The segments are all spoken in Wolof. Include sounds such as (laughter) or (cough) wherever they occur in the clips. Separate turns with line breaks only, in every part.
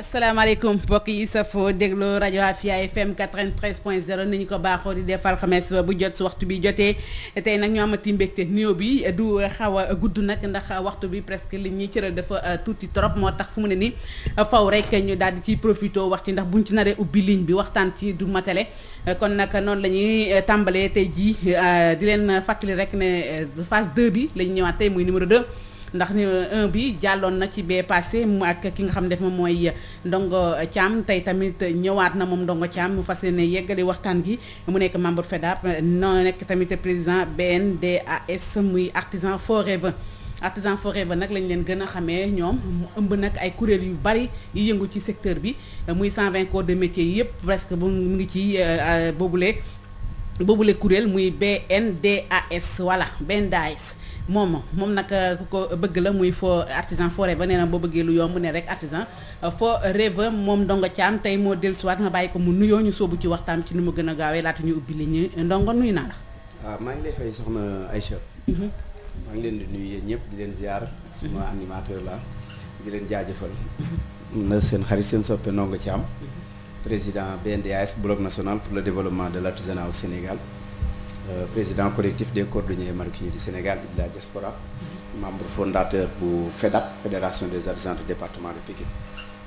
asalaamaaleykum mbokk yi safoo déglu rajo Afia FM 93.0 ni ñu ko baaxoo di def alxames bu jot su waxtu bi jotee tey nag ñu amati mbégte néew bi du xaw a gudd nag ndax waxtu bi presque li ñuy cëral dafa euh, tuuti trop moo tax fu mu ne ni faw rek ñu daal di ciy profité wax ci ndax bu ñu ci naree ubbi ligne bi waxtaan ci du matale kon nag noonu la ñuy euh, tàmbalee tey jii euh, di leen fàttali rek ne phase 2 bi la ñu ñëwaat tey muy numéro 2. ndax ni euh, un bi jàlloon na ci bee passé mu ak ki nga xam ne moom mooy euh, Ndongo Thiam tey tamit ñëwaat na moom Ndongo Thiam mu fas yéene yeggali waxtaan gi mu nekk membre FEDAP noo nekk tamit président BNDAS muy artisan forever artisan forever nag lañ leen gën a xamee ñoom mu ëmb nag ay kuréel yu bari yu yëngu ci secteur bi muy 120 corps de métier yëpp presque mu ngi ci euh, boobule boobule kuréel muy BNDAS voilà BNDAS. moom moom nag euh, ku ko bëgg la muy fo artisan fo rêve nee na boo bëggee lu yomb ne rek artisan euh, fo rêve moom Ndongo Thiam tey moo dellusiwaat ma bàyyi ko mu nuyoo ñu soobu ci waxtaan ci nu ma gën a gaawee laata ñu ubbi li ñu ndongo nuyu naa la.
waaw ah, maa ngi lay fay soxna Aïcha. Mhm. maa ngi leen di nuyu yéen ñëpp di leen ziar. suma mhm. animateur la di leen jaajëfal. Mhm. na seen xarit seen soppe Ndongo Thiam. président BNDAS bloc national pour le développement de l'artisanat au Sénégal. Euh, président collectif des cordonniers maroquiniers du Sénégal et de la diaspora mhm. membre fondateur bu FEDAP fédération des artisans du département de Pikine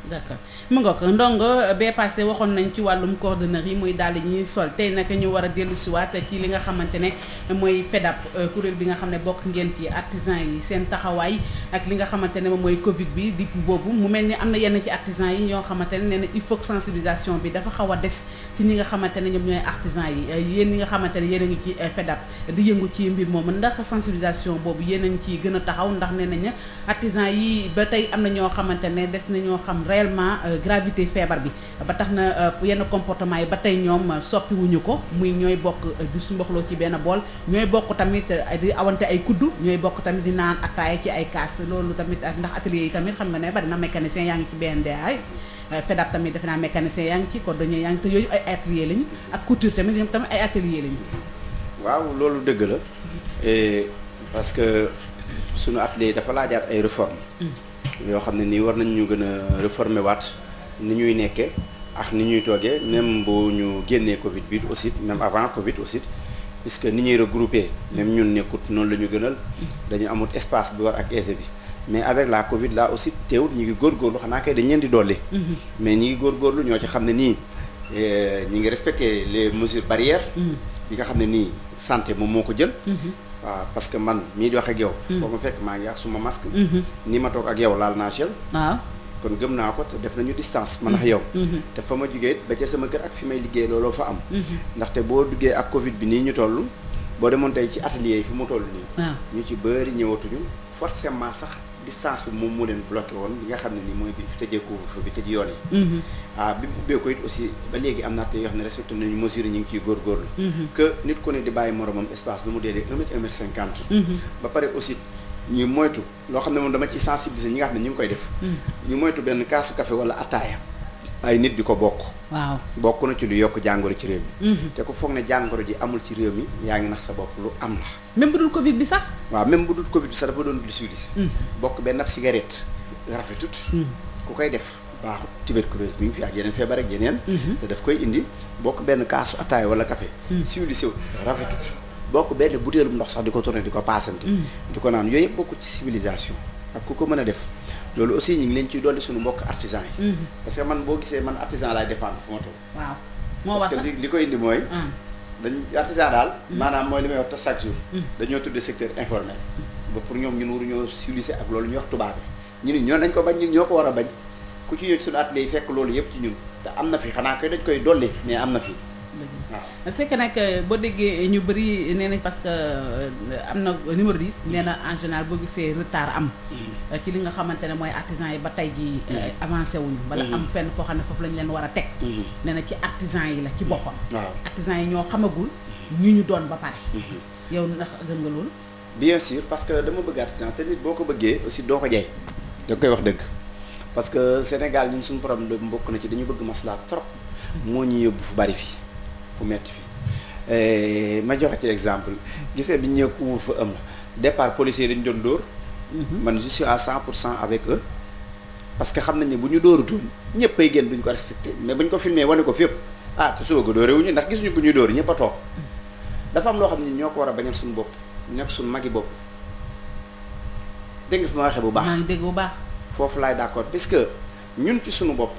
d'accord mu nga ko ndongo euh, bee nañ ci wàllum coordonnerie yi muy daal sol tey naka a dellu si waat ci nga xamante ne mooy FEDAP euh, kuréel bi nga xam ne bokk ngeen ci artisan yi seen taxawaay ak li nga xamante ne moom mooy Covid bi di boobu mu mel ni am na yenn ci artisan yi ñoo xamante ne nee na il faut que bi dafa xaw a des nga xamante ne ñoom ñooy artisan yi euh, yéen ñi nga xamante ne yéen ngi ci FEDAP di yëngu ci mbir moomu ndax sensibilisation boobu yéen a ngi gën a taxaw ndax nee nañ artisan yi ba tey am na ñoo xamante ne des na ñoo xam réellement euh, gravité feebar bi ba tax na euh, yenn comportement yi ba tey ñoom euh, soppiwuñu ko muy ñooy bokk du su mboxloo ci benn bool ñooy bokk tamit di awante ay kuddu ñooy bokk tamit di naan ataaya ci ay kaas loolu tamit ndax atelier yi tamit xam nga ne bari na mécanicien yaa ngi ci BNDAS FEDAP tamit def naa mécanicien yaa ngi ci cordonnier yaa ngi te yooyu ay atelier lañu ak couture tamit ñoom tamit ay atelier lañu
waaw loolu dëgg la parce que sunu atelier dafa laajaat ay réformes mm. yoo xam ne nii war nañ ñu gën a réformer waat ni ñuy nekkee ak ni ñuy toogee même bu ñu génnee Covid bi aussi même avant Covid aussi puisque ni ñuy regroupé même ñun nekkut noonu la ñu gënal dañu amut espace bi war ak aisé bi mais avec la Covid la aussi teewut ñu ngi góorgóorlu xanaa kay dañ leen di dolli. Mm-hmm. mais ñi góor góorgóorlu ñoo ci xam ne nii eh, ñi ngi respecté les mesures barrières. Mm-hmm. yi nga xam ne nii santé moom moo ko jël. Mm-hmm. waaw parce que man mii di wax ak yow. Hmm. foo ma fekk maa ngi ak suma masque. Hmm. ni ma toog ak yow laal naa gel. waaw kon gëm naa ko te def nañu distance. man ak yow. Hmm. te fa ma jugee ba ca sama kër ak fi may liggéey looloo fa am. ndaxte boo duggee ak Covid bi nii ñu toll. boo demoon tey ci atelier yi fi mu toll nii. ñu ci bëri ñëwatuñu forcément sax. distance bi moom moo leen bloqué woon li nga xam ne ni mooy bi fi tëjee couvre-feu bi tëj yoon yi mhm. ah bi ubbee ko it aussi ba léegi am naa te yoo xam ne respecté nañu mesure ñu ngi ciy góorgóorlu mhm. que nit ku ne di bàyyi moromam espace lu mu deelee un mètre un mètre cinquante mhm. ba pare aussi ñuy moytu loo xam ne moom dama ciy sensibiliser ñi nga xam ñu ngi koy def ñu moytu benn kaasu café wala ataaya ay nit di ko bokk. waaw bokk na ci lu yokk jàngoro ci réew mi. Mhm. te ku foog na jàngoro ji amul ci réew mi yaa ngi nax sa bopp lu am la. même bu dul Covid bi sax. waaw même bu dul Covid bi sax dafa doon lu si mhm. bokk benn ab cigarette rafetut. Mhm. ku koy def baaxut tuberculose bi fi ak yeneen feebar ak yeneen. daf koy indi bokk benn kaasu ataay wala kafe siwli siw rafetut. bokk benn butéelum ndox sax di ko tourné di ko paasante. di ko naan yooyu yëpp bokk ci civilisation ak ku ko mën a def. loolu aussi ñu ngi leen ciy dolli suñu mbokk artisan yi. Mhm. parce que man boo gisee man artisan laay défendre fu ma toll. waaw parce que li ko indi mooy. Ah. dañ artisan daal. Mhm. maanaam mooy li may wax te chaque jour. Mhm. dañoo tuddee secteur informel. ba pour ñoom ñun waruñoo civilisé ak loolu ñu wax tubaabe ñu ni ñoo nañ ko bañ ñun ñoo ko war a bañ ku ci ñëw ci suñu atelier yi fekk loolu yëpp ci ñun te am na fi xanaa koy dañ koy dolli mais am na fi. waaw
c'est que nag euh, boo déggee ñu bëri nee nañ parce que euh, am na numéro 10 mm. nee na en boo gisee retard am. Mm. Euh, ci li nga xamante ne mooy artisans yi ba tey jii mm. avancé wuñu bala am fenn foo xam ne foofu lañ leen war a teg. neena na ci artisans yi la ci boppam. waaw artisans yi ñoo xamagul ñu ñu doon ba pare. Mm-hmm. yow ndax gën nga loolu.
bien sûr parce que dama bëgg artisan te nit boo ko bëggee aussi doo ko jaay. da koy wax dëgg. parce que Sénégal ñu suñu problème mbokk na ci dañu bëgg maslaa mm-hmm. moo ñu yóbbu fu bari fii. bu metti fi eh, ma joxe ci exemple gisee bi ñu ñëw couvre-feu am départ policier dañu doon dóor mhm. man je suis à cent pour cent avec eux parce que xam nañ ne bu ñu dóorutoon ñëpp ay génn duñ ko respecté mais bu ñu ko filmé wane ko yëpp ah te suba ko dóoree wuñu ndax gisuñu bu ñuy dóor ñëpp a toog dafa am loo xam ne ñoo ko war a bañal suñu bopp nekk suñu magi bopp dégg nga fi ma waxee bu baax maa ngi dégg baax foofu laay d'accord parce que ñun ci suñu bopp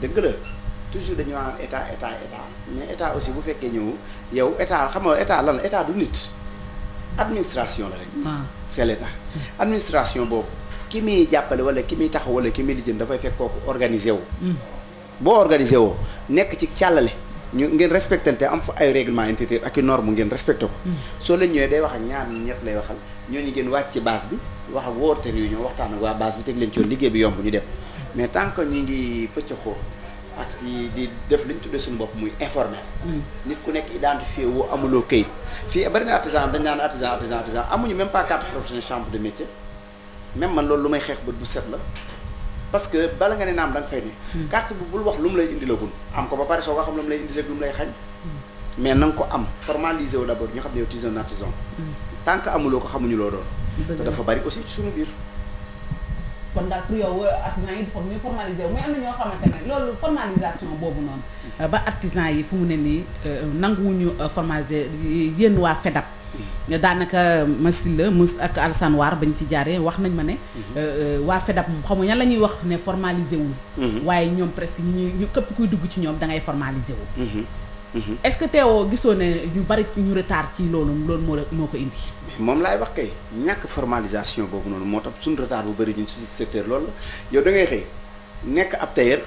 dëgg la toujours dañu naan état état état mais état aussi bu fekkee ñëw yow état xam nga état lan état du nit administration la rek. Ah. c'est l'état administration boobu ki muy jàppale wala ki muy taxaw wala ki muy lijjën dafay fekk kooku organisé hmm. boo organisé nekk ci càllale. ñu ngeen respecté am fa ay règlement intérieur ak i norme ngeen respecté ko. Hmm. soo leen ñëwee day wax ak ñaar ñett lay waxal ñooñu ngeen wàcc ci base bi wax ak woote réunion waxtaan ak waa ak di def lu ñu tuddee suñu bopp muy informel. Mm. nit ku nekk identifié woo amuloo këyit. fii bari na artisan dañ naan artisan artisan artisan amuñu même pas carte professionnelle chambre de métier même man loolu lu may xeex bët bu set la. parce que bala nga ne naam da nga fay ne. Mm. carte bu bul wax lu mu lay indilagul. am ko ba pare soo ko xam lu mu lay indilag lu mu lay xañ. Mm. mais na ko am formaliser wu d' abord ñu xam ne yow tu es un artisan. tant que amuloo ko xamuñu loo doon. te dafa bari aussi ci suñu biir.
kon daal pour yow euh, artisan yi dafa muy formalisé wu muy am na ñoo xamante ne loolu formalisation boobu noonu euh, ba artisan yi fu mu ne nii euh, nanguwuñu formalisé yéen waa FEDAP mm-hmm. daanaka Massi la Mouss ak Alassane War bañ fi jaaree wax nañ ma ne. Mm-hmm. waa FEDAP moom xamuñu lan la ñuy wax ne formalisé wu. Mm-hmm. waaye ñoom presque ñu ñu këpp kuy dugg ci ñoom dangay ngay formalisé wu. est-ce que teewoo gisoo ne ñu bari ci ñu retard ci loolu loolu moo moo ko indi.
moom laay wax kay ñàkk formalisation boobu noonu moo tax suñu retard bu bëri ñu si secteur loolu la yow da xëy nekk ab tailleur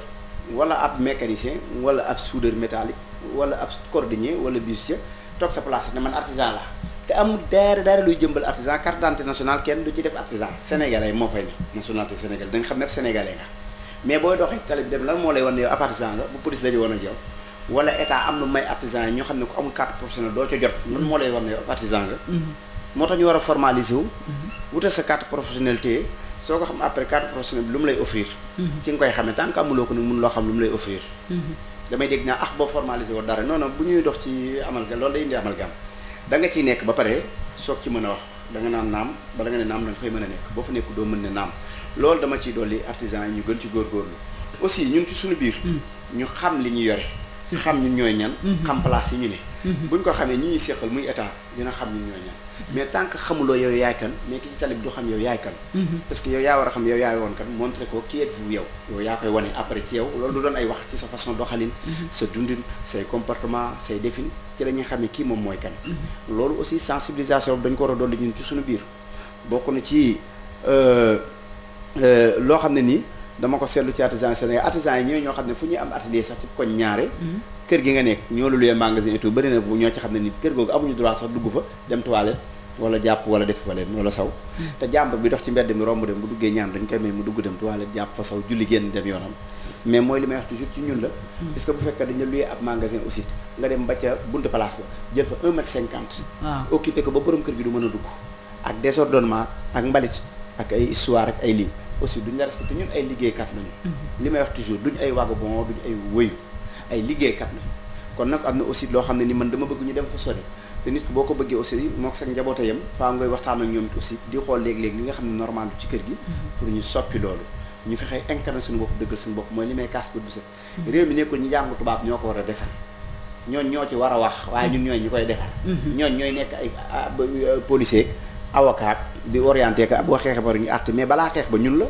wala ab mécanicien wala ab soudeur métallique wala ab cordonnier wala bijoutier toog sa place ne man artisan la te amul daara daara luy jëmbal artisan carte d'identité kenn du ci def artisan sénégalais moo fay ne nationalité sénégalais da xam ne sénégalais nga mais booy doxee tali bi dem lan moo wala état am lu may artisan yi ñoo xam ne ku amul carte professionnelle doo ca jot loolu moo lay war ne artisan mhm. moo tax ñu war a formaliser wu mhm. wutal sa carte professionnelle soo xam après carte professionnelle bi lu mu lay offrir mhm. koy xamee tant que amuloo ko nag mun loo xam lu mu lay offrir damay dégg naa ah boo formaliser woo dara non bu ñuy dox ci amalgam loolu day indi amalgam da nga ciy nekk ba pare soog ci mën a wax da nga naan naam bala nga ne naam da nga mën a nekk boo fa nekk doo mën ne naam loolu dama ciy dolli artisan yi ñu gën ci góorgóorlu aussi ñun ci suñu biir ñu xam li ñu yore xam ñun ñooy ñan mhm. xam place yi ñu ne mhm. buñ ko xamee ñi ñuy seqal muy état dina xam ñun ñooy ñan mhm. mais tant xamuloo yow yaay kan mais ki ci tali du xam yow yaay kan parce que yow yaa war a xam yow yaay woon kan montré ko qui êtes-vous yow yow yaa koy wane après ci yow loolu du doon ay wax ci sa façon doxalin sa dundin say comportement say défin ci la xamee kii moom mooy kan loolu aussi sensibilisation bi dañ ko war a dolli ñun ci suñu biir bokk na ci euh, euh, loo xam ne nii dama ko seetlu ci artisan Sénégal artisan yi ñooy ñoo xam ne fu ñuy am atelier sax ci koñ ñaare kër gi nga nekk ñoo la luyee magasin et tout bu ñoo ci xam ne nit kër googu amuñu droit sax dugg fa dem toilette wala jàpp wala def wala wala saw te jàmbur bi dox ci mbedd mi romb dem bu duggee ñaan dañ koy may mu dugg dem toilette jàpp fa saw julli génn dem yoonam mais mooy li wax toujours ci ñun la parce que bu fekkee dañu luyee ab magasin aussi nga dem ba ca buntu place ba jël fa un mètre cinquante ko ba a dugg ak désordonnement ak mbalit ay lii aussi duñ la respecté ñun ay liggéeykat lañu. Mhm. li may wax toujours duñ ay vagabond duñ ay wëyu ay liggéeykat lañu kon nag am na aussi loo xam ne ni man dama bëgg ñu dem fa sori te nit ki boo ko bëggee aussi moo ko sax njaboota yam faa ngay waxtaan ak ñoom aussi di xool léeg-léeg li nga xam ne normal ci kër gi. Mhm. pour ñu soppi loolu. ñu fexe incarné suñu bopp dëggal suñu bopp mooy li may kaas bu set. Mhm. réew mi nekkul ñu jàng tubaab ñoo ko war a ñooñ ñoo ci war a wax waaye ñun ñooy ñu koy defar. ñooñ ñooy nekk ay ah, euh, policier avocat di orienté ka boo xeexee ba ñu àtte mais balaa xeex ba ñun la.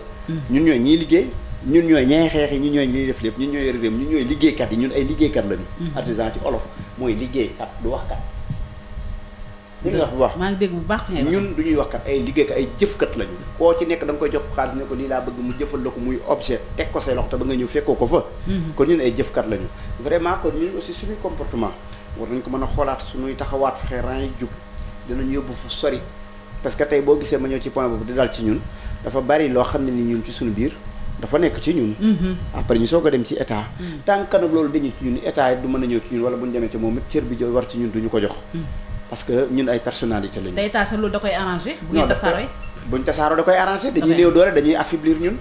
ñun ñooy ñiy liggéey ñun ñooy ñee xeex yi ñun ñooy ñiy def lépp ñun ñooy réew ñun ñooy liggéeykat yi ñun ay liggéeykat lañu. Mm-hmm. artisan ci olof mooy liggéeykat du waxkat. li nga wax bu baax maa bu baax ñun du ñuy wax kat ay liggéey kat ay jëfkat koo ci nekk danga koy jox xaalis ne ko lii laa bëgg mu jëfal la ko muy objet teg ko say loxo te ba nga ñëw fekkoo ko fa. Mm-hmm. kon ñun ay jëfkat lañu. vraiment kon ñun aussi suñuy comportement war nañ ko mën a xoolaat suñuy taxawaat fexe rang yi jub dinañ yóbbu fu sori parce que tey boo gisee ma ñëw ci point boobu di dal ci ñun dafa bari loo xam ne ni ñun ci suñu biir dafa nekk ci ñun. Mhm. après ñu soog a dem ci état. Mhm. tant que nag loolu dañu ci ñun a ñëw demee ci moom mhm. parce que ñun ay personnalité lañu. te
état sax loolu da koy arrangé. bu ñu
tasaaroo da koy arrangé dañuy néew doole dañuy affaiblir ñun.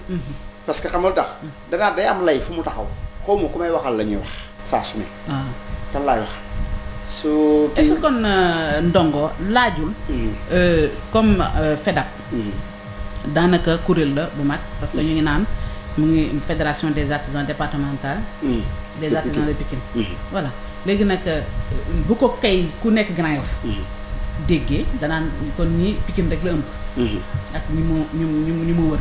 parce que xam nga lu tax. danaa day am lay fu mu taxaw xaw ma ku may waxal la ñuy wax. saa su ne. Ah. kan wax. su
est-ce que kon euh, Ndongo laajul. Hmm. Euh, comme euh, FEDAP. Hmm. daanaka kuréel la bu mag parce que ñu ngi naan mu ngi fédération des artisans départementales.
Hmm. des artisans de Pikine.
voilà léegi nag bu ko kay ku nekk Grand Yoff. déggee danaan kon ñi Pikine rek la ëmb. ak ñi mu ñu mu ñu mu wër.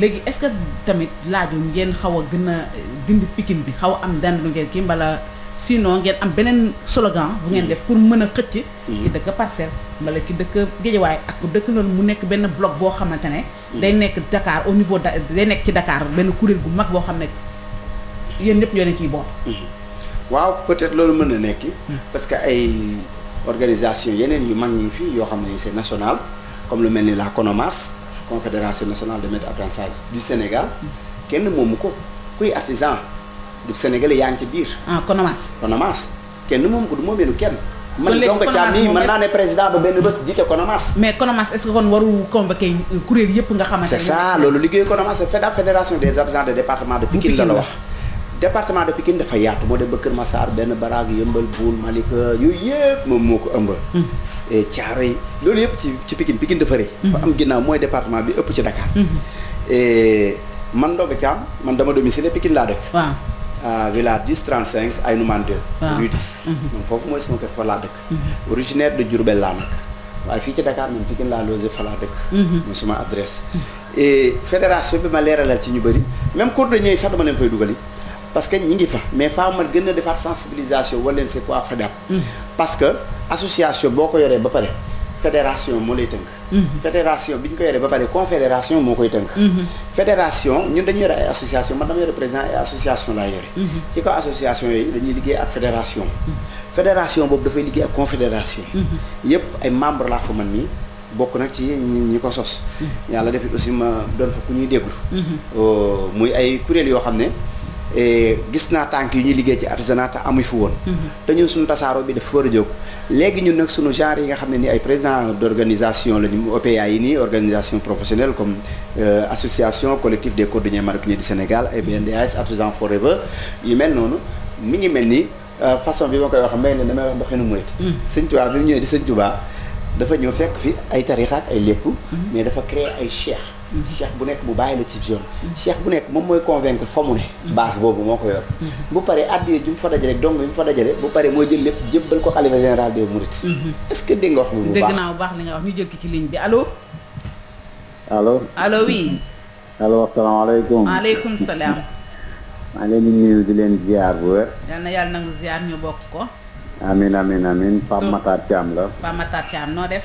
léegi est-ce que tamit laajul ngeen xaw a gën a bind Pikine bi xaw a am dend lu kii mbala. sinon ngeen am beneen slogan bu ngeen def pour mën a xëcc ki dëkk parcelle mbala ki dëkk géejawaay ak ku dëkk noonu mu nekk benn bloc boo xamante ne day nekk Dakar au niveau day nekk ci Dakar benn kuréel gu mag boo xam ne yéen ñëpp ñoo leen ciy boot
waaw peut-être loolu mën na nekk parce que ay organisation yeneen yi mag ñu ngi fii yoo xam ne c'est national comme lu mel ni la CONOMAS confédération nationale de maîtres d'apprentissage du Sénégal kenn moomu ko kuy artisan du sénégalais yaa ngi ci biir. ah Konomaas. Konomaas kenn moom ko du moomeenu kenn. man donc Thiam mii mën naa ne président ba benn bés jiite Konomaas.
mais Konomaas est-ce que kon waru convoqué euh, kuréel yëpp nga xamante ne. c'est
de département la la wax. département de Pikine dafa yaatu boo dem ba Kër Massar benn baraag yëmbal Boul Malika yooyu yëpp moom moo ko ëmb. caaro hmm. yi loolu yëpp ci ci Pikine dafa rëy. dafa hmm. am ginnaaw mooy département bi ëpp ci Dakar. Hmm. man Ndonga villa 10 35 Aynoumane 2. waaw ah. rue 10. man mhm. foofu mooy sama kër fa laa dëkk. Mhm. originaire de Diourbel laa nag waaye fii ci Dakar man Pikine laa logé fa laa dëkk. Mhm. mooy sama adresse. et fédération bi ma leeralal ci ñu bëri même cordonnier yi sax dama leen fay dugali. parce que ñi ngi fa mais faaw ma gën a defaat sensibilisation wala c'est quoi FADAP. parce que association boo ko yoree ba pare. fédération moo lay tënk. Mhm. fédération bi ñu ko yoree ba pare confédération moo koy tënk. Mhm. fédération ñun dañu yore ay association man dama yore président ay association laa yore. Mhm. ci kaw association yooyu dañuy liggéey ak fédération. fédération boobu dafay liggéey ak confédération. yëpp ay membre laa fa man nii bokk nag ci ñi ko sos. yàlla def it aussi ma doon fa ku ñuy déglu. Euh, muy ay kuréel yoo xam ne. Eh, gis naa tànk yu ñuy liggéey ci artisanat te amu fi woon mhm. te ñun suñu tasaaroo bi def war a jóg léegi ñun nag suñu genre yi nga xam ne ni ay président d' organisation lañu OPA yi nii organisation professionnelle comme euh, association collectif des cordonniers maroquiniers du Sénégal ay BNDAS artisan forever yu mel noonu mi ngi mel ni euh, façon bi ma koy wax may ne damay wax doxinu murit mhm. sëñ Tuubaa bi mu ñëwee di sëñ Tuubaa dafa ñëw fekk fi ay tarixa ay mhm. mais dafa créer ay cheikh cheikh bu nekk bu bàyyi la ci zone cheikh bu nekk moom mooy convaincre fa mu ne base boobu moo ko yor mhm. bu pare addiye ju mu fa dajale dong bi fa dajare bu pare moo jël lépp jébbal ko xalifa général des mourides mhm. est-ce que dégg nga wax bi bu baax dégg
naa bu baax li nga wax ñu jël ki ci bi allo
allo allo oui allo asalaamaaleykum maaleykum salaam maa ngi leen di bu wér
yal na yàlla nangu ziar ñu bokk ko
amin amin amin Pape Matar Thiam la
Pape Matar Thiam noo def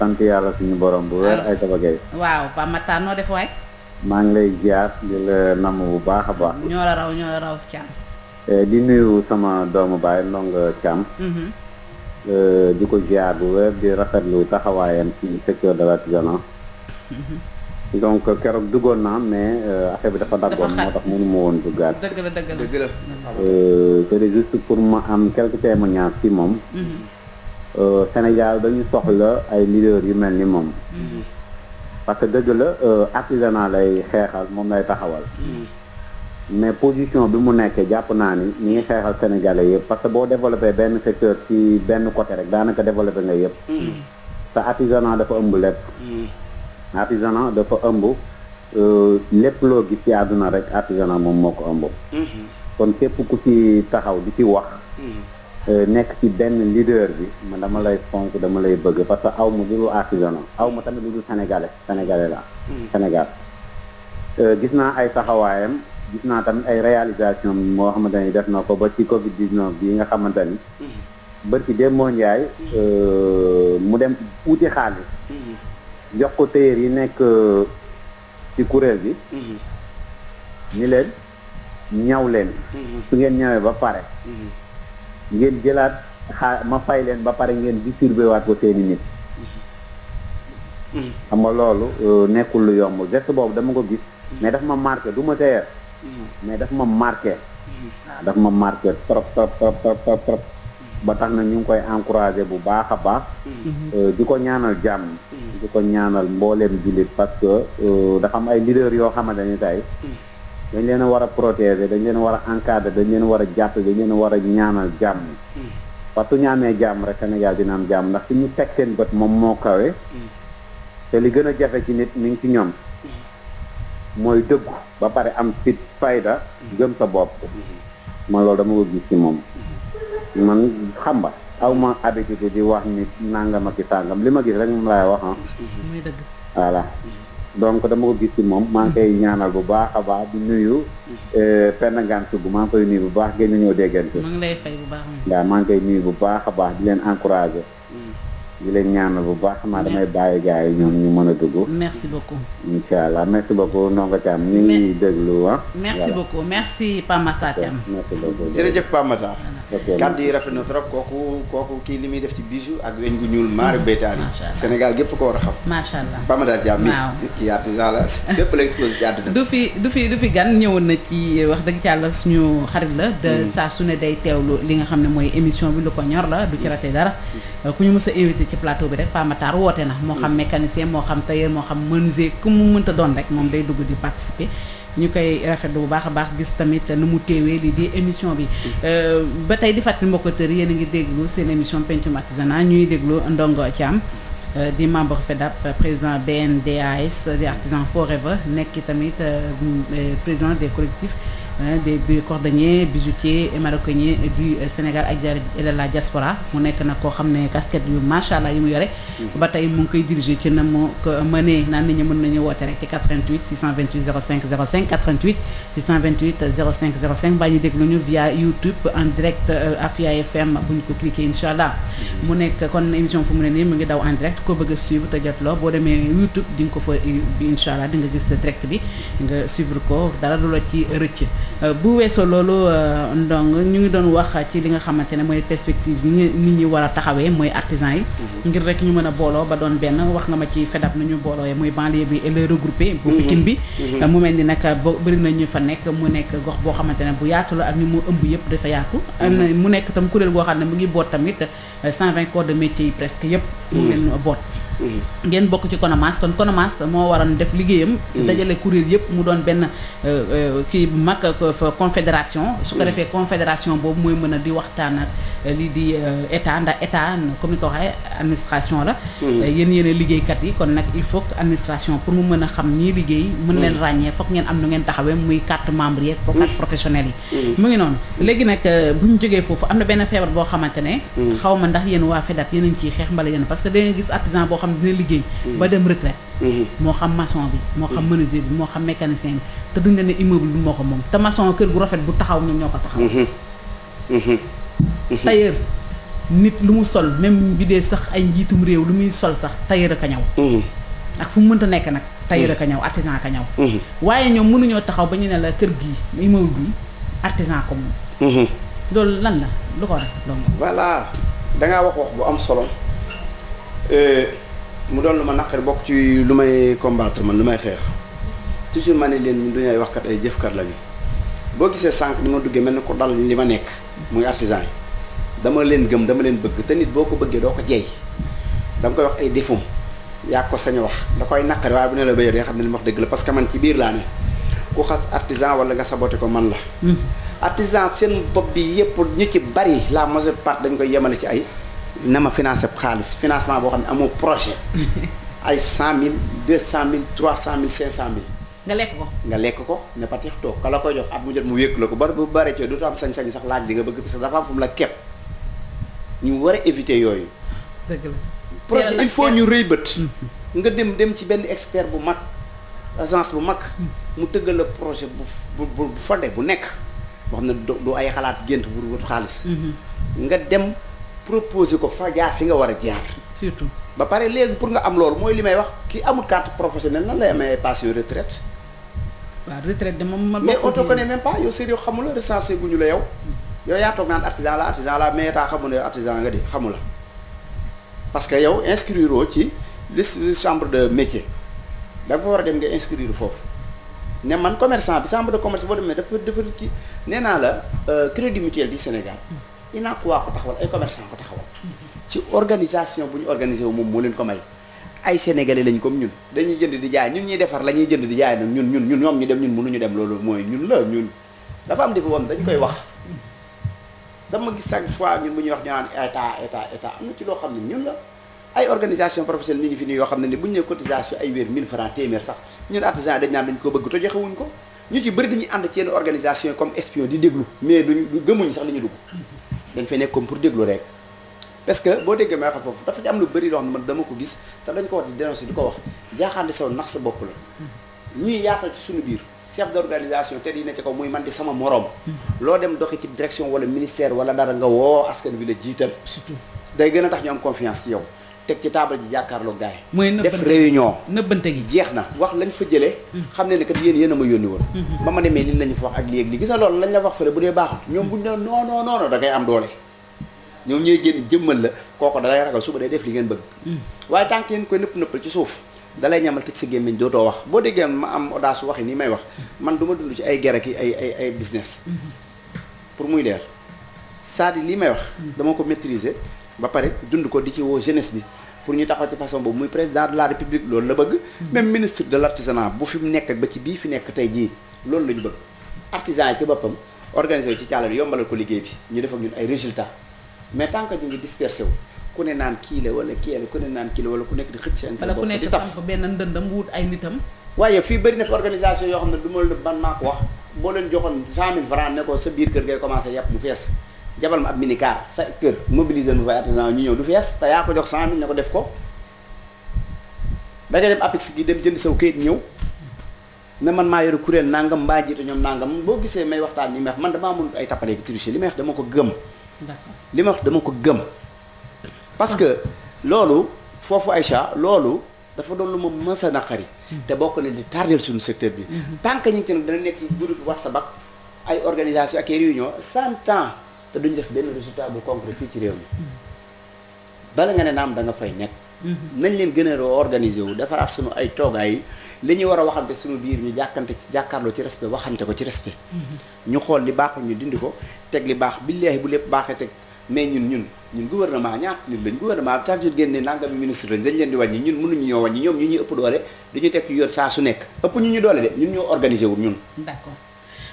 sant yàlla suñu borom bu wér ay tabagay
waaw Pa noo def waay
maa ngi lay jaar di namm bu baax a baax
ñoo la raw ñoo la raw Thiam
eh, di nuyu sama doomu baay ndongo Thiam mm-hmm. eh, di ko ziar bu wér di rafetlu taxawaayam ci secteur de l'artisanat mm-hmm. donc keroog duggoon naa mais eh, affaire bi dafa daggoon moo tax mënu ma woon duggaat dëgg
la dëgg la
c'est juste pour ma am quelques témoignages ci moom mm-hmm. Euh, Sénégal dañu soxla ay leaders yu mel ni moom mm-hmm. parce que dëgg la euh, artisanat lay xeexal moom lay taxawal
mm-hmm.
mais position bi mu nekkee jàpp naa ni ñi ngi xeexal sénégalais yëpp parce que boo développé benn secteur ci benn côté rek daanaka développé nga yëpp mm-hmm. sa artisanat dafa ëmb lépp artisanat dafa ëmb euh, lépp loo gis ci àdduna rek artisanat moom moo ko ëmb kon képp ku ci taxaw di ci wax Euh, nekk ci benn leader bi man dama lay fonk dama lay bëgg parce que aw ma lu dul artisanal aw ma tamit lu dul sénégalais sénégalais la hmm. Sénégal euh, gis naa ay taxawaayam gis naa tamit ay réalisation moo xamante ni def na ko ba ci Covid 19 bii nga xamante ni hmm. bërki dem moo njaay hmm. euh, mu dem uuti xaalis jox ko yi nekk ci kuréel bi ni leen ñaw leen su ngeen ñawee ba pare ngeen jëlaat xaa ma fay leen ba pare ngeen distribué waat ko seeni nit mm-hmm. xam nga loolu euh, nekkul lu yomb geste boobu dama ko gis mais daf ma marqué du ma teyer mm-hmm. mais daf ma marqué mm-hmm. waaw daf ma marqué trop trop ba tax na ñu ngi koy encouragé bu baax a baax euh, di ko ñaanal jàmm di ko ñaanal mbooleem jullit parce que euh, dafa am ay leader yoo xamante ni tey dañ leen a war a protéger dañ leen a war a dañ leen a war a jàpp dañ leen a war a ñaanal jàmm hmm. parce que ñu amee jàmm rek Sénégal dina am jàmm ndax fi ñu teg seen bët moom moo kawe hmm. te li gën a jafe ci nit ñu ngi ci ñoom hmm. mooy dëggu ba pare am fit fayda gëm sa bopp man loolu dama ko gis ci moom man xam nga aw ma habitude di wax ni nangam ak i sàngam li ma gis rek moom laay wax ah voilà donc dama ko gis ci moom maa ngi koy ñaanal bu baax a baax di nuyu euh, Penda Ngane Sougou maa ngi koy nuyu bu baax génn ñëw déggante maa
ngi
maa ngi koy nuyu bu baax a baax di leen encouragé mm. di leen ñaanal bu baax xamaa damay bàyyi gars yi ñoom ñu mën a dugg
merci beaucoup
incha allah merci beaucoup Ndongo Thiam ñu ngi déglu ah merci
beaucoup merci Pamata Thiam merci beaucoup jërëjëf Pamata kàddu yi rafet na trop kooku kooku kii li muy def ci bijou ak weñ gu ñuul maari béytaal yi Sénégal gépp ko war a xam macha allah ba ma daal jàmm kii artisan la lépp (laughs) la exposé ci àdduna du
fi du fi du gan ñëwoon na ci wax dëgg ci yàlla suñu xarit la de hmm. saa su ne day lu li nga xam ne mooy émission bi lu ko ñor la du ci rate dara hmm. ku ñu mës a invité ci plateau bi rek Pamatar woote na moo xam hmm. mécanicien moo xam tailleur moo xam menuisier ku mu mënta doon rek moom day dugg di participer ñu koy rafetlu bu baax a baax gis tamit nu mu téewee lii di émission bi euh, ba tey di fàttali mbokk auditeurs yéen a ngi déglu seen émission pencum artisanat ñuy déglu Ndongo Thiam euh, di membre FEDAP président BNDAS di artisan forever nekk tamit euh, président des collectifs des bu cordonniers bijoutiers et maroquiniers du euh, Sénégal ak de la diaspora mu nekk nag koo xam ne casquette yu macha allah yu mu yore. Mm-hmm. ba tey mu ngi koy diriger ci na mu ko mënee naan nit ñi mën nañu woote rek ci 88 628 05 05 88 628 05 05 mbaa ñu déglu ñu via YouTube en direct euh, Afia FM bu ñu ko cliquer incha allah. Mm-hmm. mu nekk kon émission fu mu ne nii mu ngi daw en direct ko bëgg a suivre te jot loo boo demee YouTube di ko fa incha allah di nga gis direct bi nga suivre ko dala du la ci rëcc. Euh, bu weesoo loolu euh, ndong ñu ngi doon wax ci li nga xamante ne mooy perspective yi nit ñi war a taxawee mooy artisan yi mhm. ngir rek ñu mën a booloo ba doon benn wax nga ma ci FEDAP nu ñu boolooyee muy banlieue bi et le regroupé bu mhm. Pikine bi mhm. mu mel ni nag bëri na ñu fa nekk mu nekk gox boo xamante ne bu yaatu la ak ñu mu ëmb yëpp dafa yaatu mu nekk tam kuréel goo xam ne mu ngi boot tamit euh, cent vingt corps de métier yi presque yëpp mu leen boot ngeen bokk ci Konomas kon Konomas moo waroon def liggéeyam mm. dajale kuréel yëpp mu doon benn euh, euh, kii mag euh, confédération su ko mm. defee confédération boobu mooy mën a di waxtaan ak lii di état ndax état comme ni ko waxee administration la mm. yéen yéen liggéeykat yi kon nag il faut que administration pour mu mën a xam ñii liggéey mën leen ràññee foog ngeen am nu ngeen taxawee muy carte membre yi carte professionnelle yi mu ngi noonu léegi nag bu ñu jógee foofu am na benn feebar boo ne a ngi xam dina liggéey mm-hmm. ba dem retraite mm-hmm. moo xam maçon bi moo xam mm-hmm. menuisier bi moo xam mécanicien bi te duñ la ne immeuble bi moo ko moom te maçon kër gu rafet bu taxaw ñoom ñoo ko taxaw tailleur nit lu mu sol même bi dee sax ay njiitum réew lu muy sol sax tailleur ak a ñaw ak fu mu mënta nekk nag tailleur ak a ñaw artisan ak a ñaw waaye ñoom mënuñoo taxaw ba ñu ne la kër gii immeuble bi artisan ko
moom
loolu lan la lu ko rek donc
voilà dangaa wax wax bu am solo euh, mu doon lu ma naqari bokk ci lu may combattre man lu may xeex toujours ma ne leen ñun duñu ay kat ay jëfkat lañu boo gisee sànq ni ma duggee mel ni ko dal li ma nekk muy artisan yi dama leen gëm dama leen bëgg te nit boo ko bëggee doo ko jeey danga koy wax ay defum yaa ko sañ wax da koy naqari waaye bu ne la ba yor xam ne li ma wax dëgg la parce que man ci biir laa ne ku xas artisan wala nga saboté ko man la hmm. artisan seen bopp bi yëpp ñu ci bari la majeure part dañ koy yemale ci ay na ma financé xaalis financement boo xam ne amoo projet (laughs) ay cent mille deux cent mille trois cent mille nga lekk ko nga lekk ko ne patix toog kala la koy jox at mu jot mu wékk la ko ba bu bari cee dootu am sañ-sañ sax laaj li nga bëgg parce que dafa am fu la kepp ñu war a éviter yooyu.
dëgg la projet il faut ñu rëy
bët. Mm. nga dem dem ci benn expert bu mag agence bu mag. Mm. mu tëggal la projet bu bu bu nekk boo xam ne du ay xalaat gént bu wut xaalis.
Mm-hmm.
nga dem. proposer ko fa fi nga war a jaar. surtout ba pare léegi pour nga am loolu mooy li may wax ki amul carte professionnelle nan lay amee ay pension retraite.
waaw retraite de moom man. mais oto te connaît
même pas yow sérieux xamu la recensé gu ñu la yow. yow yaa toog naan artisan la artisan la mais état xamu na yow artisan nga di xamu la parce que yow inscrire oo ci liste chambre de métier da nga fa war a dem nga inscrire foofu. ne man commerçant bi chambre de commerce boo demee dafa dafa ci nee naa la euh, crédit mutuel du Sénégal. inaakuwaa ko taxawal ay commerçant ko taxawal ci organisation bu ñu organisé wu moom moo leen ko may ay sénégalais lañ comme ñun dañuy jënd di jaay ñun ñuy defar la ñuy jënd di jaay nag ñun ñun ñun ñoom ñu dem ñun mënuñu dem loolu mooy ñun la ñun dafa am woon dañ koy wax dama gis chaque fois ñu naan état état état am na ci loo xam ne ñun la ay organisation professionnelle ñu fi nii yoo xam ne ni bu ñu nee cotisation ay weer 1000 francs téeméer sax ñun artisan dañ naan dañ ko bëgg te joxewuñ ko ñu ci bëri dañuy ànd ci yenn organisation comme espion di déglu mais duñu gëmuñ sax li ñu dugg dañ fay nekk comme pour déglu rek parce que boo déggee may wax foofu dafa di am lu bëri loo xam ne man dama ko gis te dañ ko war di dénoncer di ko wax jaaxaandi saw nax sa bopp la ñuy yaatal ci suñu biir chef d'organisation te di ne ci ko muy man di sama morom loo dem doxi ci direction wala ministère wala dara nga woo askan wi la jiital surtout day gën a tax ñu am confiance ci yow teg ci taabal ji jàkkaarloo gaay mooy def réunion nëbbante gi jeex na wax lañ fa jëlee hmm. xam ne ne kat yéen yéen a ma yónni woon ba hmm. ma demee li lañu fa wax ak lii ak lii gis na loolu lañ la wax fële bu dee baaxut ñoom buñ ne non non non da ngay am doole ñoom ñooy génn jëmmal la kooku dalay ragal suba day def li ngeen bëgg hmm. waaye tànk yéen koy nëpp nëppal ci suuf dalay ñamal tëj sa gémmiñ dootoo wax boo déggee ma am audace waxi nii may wax man du ma dund ci ay gere ki ay ay ay business pour muy leer c'est-à-dire lii may wax dama ko maîtriser ba pare dund ko di ci woo jeunesse bi pour ñu taxaw ci façon boobu muy président de la république loolu la bëgg même ministre de l' artisanat bu fi mu nekk ba ci bii fi nekk tey jii loolu la ñu bëgg artisan yi ci boppam organisé ci càlla bi yombalal ko liggéey bi ñu def ak ñun ay résultat mais tant que ñu ngi wu ku ne naan kii la wala kii ku ne naan kii la wala ku nekk di xëcc seen bopp di taf benn ndëndam wut ay nitam waaye fii bëri na fi organisation yoo xam ne du ma ban maa ko wax boo leen joxoon cent ne ko sa biir kër ngay commencé yàpp mu fees jabal ma ab mini car sa kër mobiliser mu fay artisan ñu ñëw du fees te yaa ko jox cent mille ne ko def ko da ngay dem APEX gi dem jënd saw kayit ñëw ne man maa yore kuréel nangam mbaa jiite ñoom nangam boo gisee may waxtaan li may wax man damaa mënut ay tappale ci tricher li may wax dama ko gëm. li may wax dama ko gëm. parce que loolu foofu Aïcha loolu dafa doon lu ma mës a naqari. Hmm. te bokk na di tardel suñu secteur bi. Hmm. tant que ñu ngi ci nag dana nekk ci groupe WhatsApp ak te duñ def benn résultat bu concret fii ci réew mi bala nga ne naam da nga fay nekk. Mm-hmm. nañ leen gën a organiser wu defaraat sunu ay toogaay yi li ñu war a waxante sunu biir ñu jàkkante ci jàkkaarloo ci respect waxante ko ci respect.
Mm-hmm.
ñu xool li baaxul ñu dindi ko teg li baax billaahi bu lépp baaxee teg mais ñun ñun ñun gouvernement ñaata nit lañ gouvernement bi chaque jour génne nangami ministre lañ dañ leen di wàññi ñun mënuñu ñoo wàññi ñoom ñu ñuy ëpp doole dañu teg ci yoon saa su nekk ñu ñu doole de ñun wu ñun.
d'accord.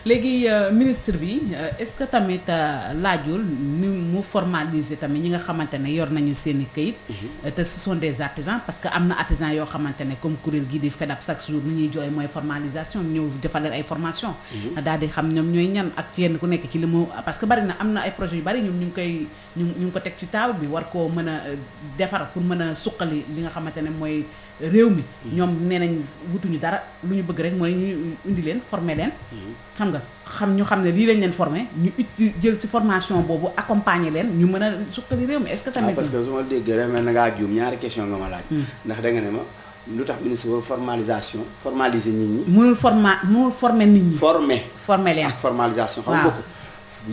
léegi euh, ministre bi euh, est-ce que tamit euh, laajul ni mu formaliser tamit ñi nga xamante ne yor nañu seen i këyit mhm. te ce sont des artisans parce que am na artisans yoo xamante ne comme kuréel gi di FEDAP chaque jour ni ñuy jooy mooy formalisation ñëw defal leen ay formation mhm. daal di xam ñoom ñooy ñan ak yenn ku nekk ci li mu parce que bari na am na ay projet yu bari ñoom ñu ngi koy ñu ñu ngi ko teg ci table bi war koo mën a defar pour mën a suqali li nga xamante ne mooy réew mi ñoom nee nañ wutuñu dara lu ñu bëgg rek mooy ñu indi leen former leen hmm. xam nga xam ñu xam ne lii lañ leen former ñu ut jël ci formation boobu accompagner leen ñu mën a suqali réew mi est-ce que tamit ah, parce que
su ma déggee rek mel na ngaa juum ñaari question nga ma laaj hmm. ndax da nga ne ma lu tax ministre boobu formalisation formaliser nit ñi mënul forma mënul former nit ñi former former leen ak formalisation xam bokk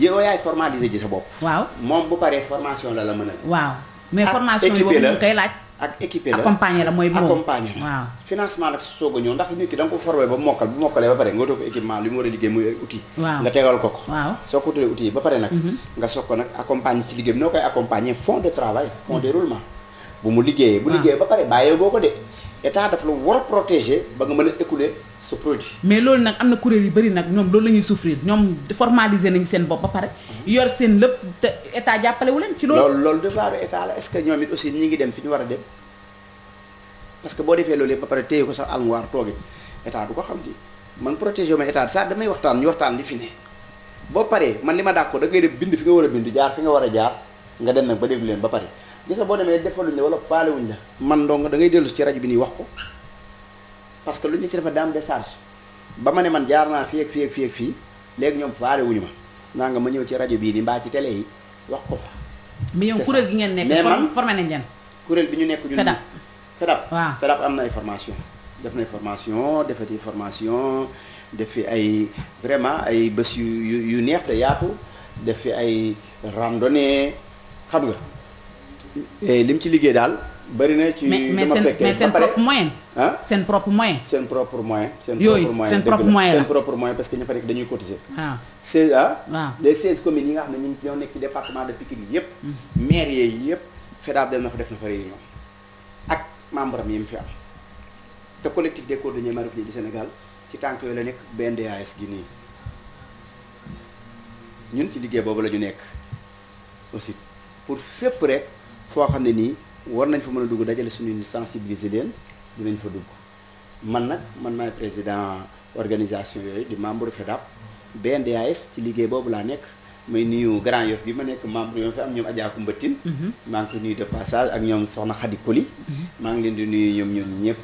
yow yaay formaliser ji sa bopp waaw moom bu paree formation la la mën a waaw mais ah, formation yi boobu ñu koy laaj ak équipé la accompagné
la mooy moom accompagné la waaw
financement nag soog a ñëw ndax nit ki da ko formé ba mokkal bu mokkalee ba pare nga wutoo ko équipement li mu war a liggéey muy ay nga tegal ko ko soo ko wutalee outils ba pare nag mhm. nga soog ko nag accompagné ci liggéey bi noo koy accompagné fond de travail fond de mhm. roulement bu mu liggéeyee bu liggéeyee ba pare bàyyee boo ko de état daf la war a protéger ba nga mën a écouler su produit.
mais loolu nag am na kuréel yu bari nag ñoom loolu la ñuy souffrir ñoom formaliser
nañu seen bopp ba pare. yor seen lépp te état jàppale leen. ci loolu loolu loolu devoir état la est-ce que ñoom it aussi ñi ngi dem fi ñu war a dem parce que boo defee loolu yëpp pare téye ko sa almuwaar toogit état du ko xam di man protéger ma état saa damay waxtaan ñu waxtaan li fi ne. boo paree man li ma dàq ko da ngay dem bind fi nga war a bind jaar fi nga war a jaar nga dem nag ba déglu leen ba pare. gis nga boo demee defaluñ la wala faalewuñ la man ndong dangay ngay dellu ci rajo bi nii wax ko parce que lu ñu ci defee daam décharge ba ma ne man jaar naa fii ak fii ak fii léegi ñoom faalewuñu ma naa nga ma ñëw ci rajo bii nii mbaa ci télé yi wax ko fa. mais yow kuréel gi ngeen nekk. mais man formé nañ leen. kuréel bi ñu nekk ñun. FEDAP FEDAP. waaw am na ay formation def na formation defati formation def fi ay vraiment ay bës yu yu neex te yaatu def fi ay randonnée xam nga. li mu ci liggéey daal bari na ci. mais seen propre moyen. ah seen propre moyen. seen propre moyen. yooyu seen propre moyen seen propre moyen parce que ñu fa nekk dañuy cotiser. waaw ah. seize ah. waaw ah. les seize communes yi nga xam ne ñu ñoo nekk ci département de Pikine yëpp. Hmm. maire yooyu yëpp FEDAB dem na fa def na fa réunion ak membre am yi mu fi am te collectif des cordonniers marocains du Sénégal ci tànk yooyu la nekk BNDAS gi nii ñun ci liggéey boobu la ñu nekk aussi pour fépp rek. foo xam ne nii war nañ fa mën a dugg dajale suñu sensibiliser leen dinañ fa dugg man nag man maay président organisation yooyu di membre FEDAP BNDAS ci liggéey boobu laa nekk may nuyu Grand Yoff bi ma nekk membre yoo fi am ñoom Adja Koumba Tine mhm. maa ngi ko nuyu de passage ak ñoom Soxna Khady Koli mhm. maa ngi leen di nuyu ñoom ñoom ñëpp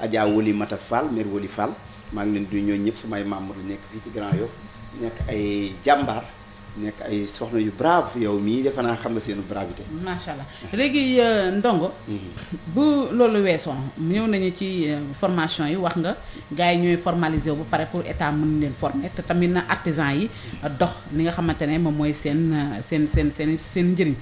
Adja Woli Mata Fall maire Woli Fall maa ngi leen di nuyu ñoom ñëpp sumay membre nekk fii ci Grand Yoff nekk ay jàmbaar nekk ay soxna yu brave yow mii defe naa xam nga seenu bravité.
macha allah léegi euh, ndongo. Mhm. bu loolu weesoo ñëw nañu ci euh, formation yi wax nga gars yi ñooy formaliser bu pare pour état mën leen forme te tamit na artisan yi dox ni nga xamante ne moom mooy seen euh, seen seen seen seen njëriñ.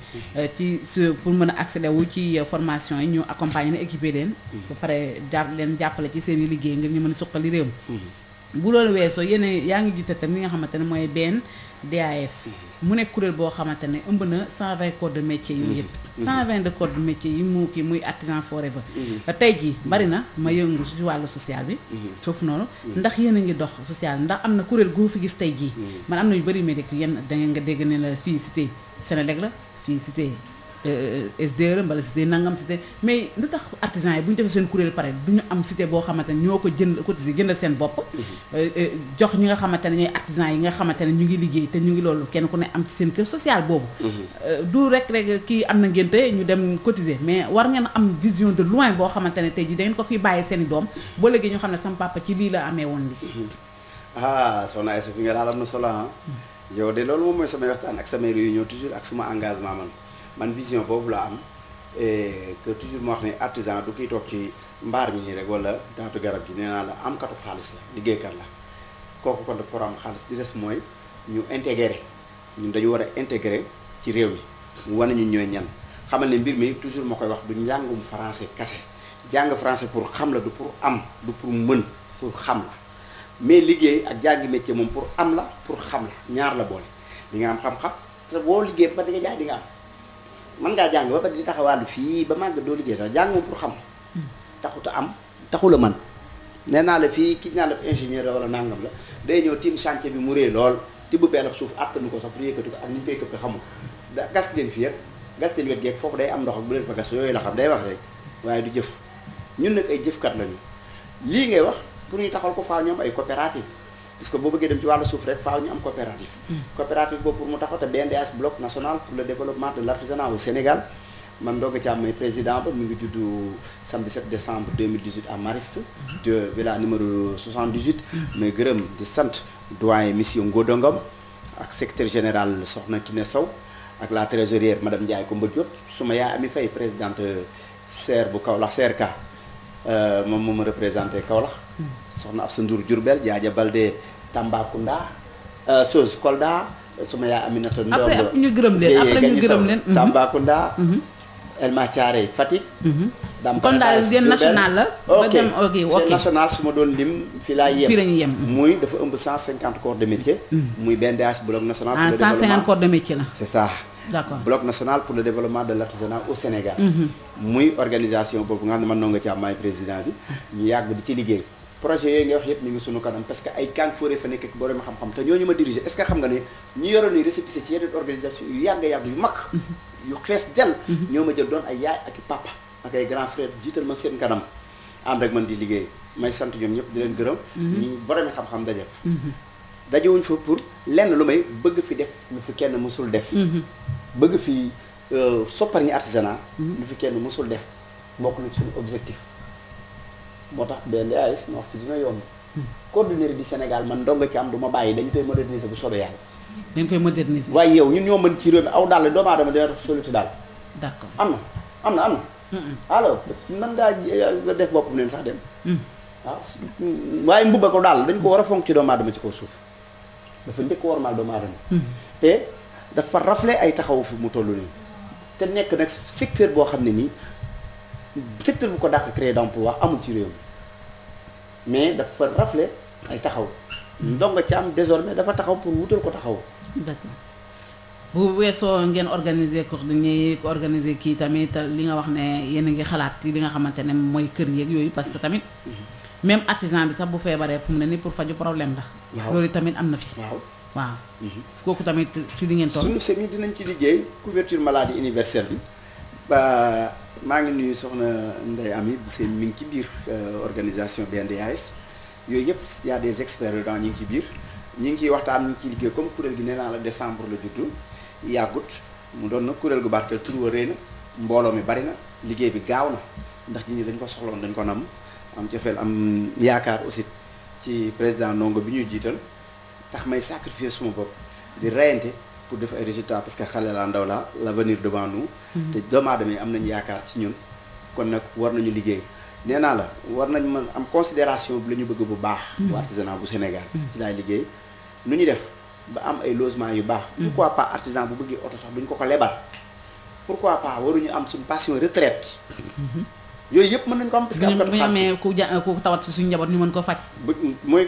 ci pour mën a accéder wu ci formation yi ñu accompagner na équiper leen. Mhm. ba pare jàpp jàppale ci seen i liggéey ngir ñu mën a suqali réew mi
mhm.
bu loolu weesoo yéen yaa ngi jiite tam li nga xamante ne mooy benn. DAS mu nekk kuréel boo xamante ne ëmb na 120 corps de métier yu yëpp 120 mhm. de corps de métier yi mu kii muy artisan forever mhm. tey jii bari na ma yëngu ci wàllu social bi mhm. foofu noonu ndax yéen a ngi dox social ndax am na kuréel goo fi gis tey jii man am na yu bëri mais rek yéen da nga dégg ne la fii cité Sénélec la fii cité Euh, SDE mbala cité nangam cité mais lu tax artisans yi bu ñu defee seen kuréel pare du ñu am cité boo xamante ne ñoo ko jënd cotisé jëndal seen bopp mhm. euh, euh, jox ñi nga xamante ne ñooy artisans yi xamante ne ñu ngi liggéey te ñu ngi loolu kenn ku ne am ci seen kër social boobu
mhm.
du rek rek kii am na ngénte ñu dem cotiser mais war ngeen am vision de loin boo xamante ne tey jii da ko fi bàyyi seeni doom boo léegi ñu xam ne sama papa ci lii la amee woon li mhm.
ah soxna Aïssa fi nga daal am na solo ah. mm. yow de loolu moom mooy samay waxtaan ak samay réunion toujours ak suma engagement man man vision boobu la am et eh, que toujours moo wax ne artisan du kiy toog ci mbaar mi nii rek wala taatu garab ji nee naa la am katu xaalis la liggéeykat la kooku kon dafa war am xaalis di des mooy ñu intégré ñun dañu war a intégré ci réew mi mu wane ñu ñooy ñan xamal ne mbir mi toujours moo koy wax du njàngum français kase jàng français pour xam la du pour am du pour mën pour xam la mais liggéey ak jàngi métier moom pour am la pour xam la ñaar la boole di nga xam-xam boo liggéey ba di man ngaa jàng ba pare di taxawaalu fii ba màgg doo liggéey sax jàng moom pour xam taxuta am taxula man nee naa la fii kii naa la ingénieur la wala nangam la day ñëw tiim chantier bi mu rëy lool tibb benn suuf àttanu ko sax pour yëkkati ko ak ni ñu koy këpp xamul da gas leen fii rek gas leen wet geeg foofu day am ndox ak bu leen fa gas yooyu la xam day wax rek waaye du jëf ñun nag ay jëfkat lañu lii ngay wax pour ñu taxal ko faa ñoom ay coopérative puisque boo bëggee dem ci wàllu suuf rek faaw ñu am coopérative. Mm. coopérative boobu pour mu taxaw te BNDAS bloc national pour le développement de l' artisanat au Sénégal man Ndoga Thiam mooy président ba mu ngi judd samedi 7 décembre 2018 à Mariste. Mm. de villa numéro mm. may gërëm di sant doyen monsieur Ngodo ak secrétaire général Soxna ne saw ak la trésorière madame Ndiaye Koumba Diop suma yaay Ami fay présidente serre bu Kaolack CRK euh, moom moo ma représenté Kaolack. soxna Afsa Ndour Diourbel Jaaja Balde Tambacounda euh, Sose Kolda euh, suma yaay Aminata Ndombo après ñu gërëm leen après gërëm leen mhm. Tambacounda mhm. Elma Thiaré Fatick mhm. dam kon daal national la ok su ma doon lim fii laa yem fii la ñuy muy dafa ëmb 150 corps de métier muy BNDAS ah, bloc national pour le développement 150 corps de développement de l'artisanat au Sénégal muy organisation boobu nga xam ne man noo nga ci président bi ñu yàgg di ci liggéey projet yooyu nga wax yëpp mi ngi sunu kanam parce que ay kàng fóore fa nekk ak borom xam-xam te ñooñu ma diriger est ce que xam nga ne ñi yoroon ni récépissé ci yeneen organisation yu yàgg yàgg yu mag yu xees jal ñoo ma jël doon ay yaay ak papa ak ay grand frère jiital ma seen kanam ànd ak man di liggéey may sant ñoom ñëpp di leen gërëm ñu mhm. boromi xam-xam dajef dajewuñ fa pour lenn lu may bëgg fi def lu fi kenn mësul def mhm. bëgg fi euh, soppar ñi artisanat mhm. lu fi kenn mësul def bokk na suñu objectif moo tax BNDAS ma wax ci dina yomb. coordinateur bi Sénégal man ndongo ci am du ma bàyyi dañ koy moderniser bu soobee yàlla. dañ koy moderniser waaye yow ñun ñoo mën ci réew mi aw daal doomu aadama dina daal. d'accord am na am na na. alors mën eh, def boppam leen sax dem. waaw mm. ah, mm, waaye mbubba ko daal dañ ko war a fonk ci doomu ci kaw suuf dafa njëkk a warmaal doomu aadama. Mm. te dafa rafle ay taxawu fi mu toll nii. te nekk nag secteur boo xam ne nii secteur bu ko dàq créer d'emploi amul ci réew mi mais dafa rafle ay taxaw ndongo ci am désormais dafa taxaw pour wutal ko taxaw
d'accord bu weesoo ngeen organiser ko dañuy ko organiser kii tamit li nga wax ne yéen a ngi xalaat li nga xamante ne mooy kër yeek yooyu parce que tamit mhm. même artisan bi sax bu feebaree fu ne nii pour faju problème la waaw loolu tamit am na fi waaw waaw mhm. tamit ci li ngeen toll suñu
semi dinañ ci liggéey couverture malaadi universelle bi maa ngi nuyu soxna Ndeye Amy seen mi ngi ci biir euh, organisation BNDAS yooyu yëpp y des experts dedans ñu ngi ci biir ñu ngi ciy waxtaan ñu ngi liggéey comme kuréel gi nee naa la décembre la juddu yàggut mu doon na kuréel gu barke tur wa rëy na mbooloo mi bari na liggéey bi gaaw na ndax nit dañ ko soxloon dañ ko nam am cofeel am yaakaar aussi ci président ndongo bi ñuy jiital tax may sacrifier suma bopp di reyante pour def ay résultats parce que xale laa ndaw laa l'avenir devant nous. Mm-hmm. te doomu aadama yi am nañu yaakaar ci ñun. kon nag war nañu liggéey nee naa la war nañ mën am considération bi la ñu bëgg bu baax. Mm-hmm. bu artisanat bu Sénégal. Mm-hmm. ci laay liggéey nu ñu def ba am ay logement yu baax. pourquoi pas artisan bu bëggee oto sax duñ ko ko lebal. pourquoi pas waruñu am suñu passion retraite. yooyu yëpp mën nañ ko am parce am kat
ñu
tawat si suñu njaboot ñu mën ko faj. mooy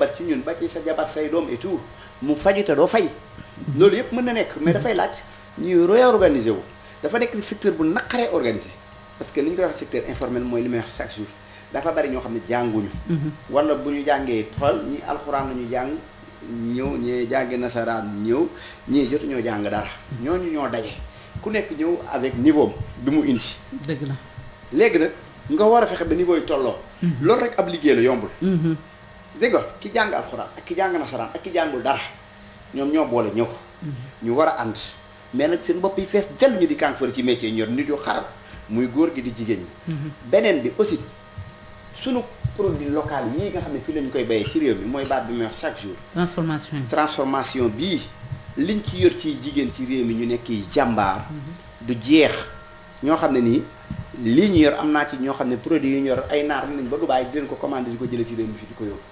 ba ci sa jabar mu faju te doo fay. loolu yëpp mën na nekk mais dafay laaj ñuy réorganiser wu. dafa nekk secteur bu naqaree organisé parce que ni ñu koy wax secteur informel mooy li may wax chaque jour dafa bari ñoo xam ne jànguñu. Mhm. wala bu ñu jàngee tool ñi alxuraan la ñu jàng ñëw ñee jàngi nasaraan ñëw ñii jotu ñoo jàng dara. ñu ñoo daje ku nekk ñëw avec niveau bi mu indi. dëgg la léegi nag nga war a fexe ba niveau yi tolloo. Mhm. loolu rek ab liggéey la yombul. Mhm. dégg nga ki jàng alxuraan ak ki jàng nasaraan ak ki jàngul dara ñoom ñoo boole ñëw. Mhm. ñu war a ànd mais nag seen bopp yi fees dell ñu di kànfar ci métier ñor nit yu xaral muy góor gi di jigéen ñi. Mhm. beneen bi aussi sunu produit local yii nga xam ne fii lañu koy bayee ci réew mi mooy baat bi muy wax chaque jour. transformation bii liñ ci yor ciy jigéen ci réew mi ñu nekk jàmbaar. Mhm. du jeex ñoo xam ne nii. lii ñu yor am naa ci ñoo xam ne produit yi ñu yor ay naar nañ ba Dubaay di leen ko commandé di ko jëlee ci réew mi fii di ko yóbbu.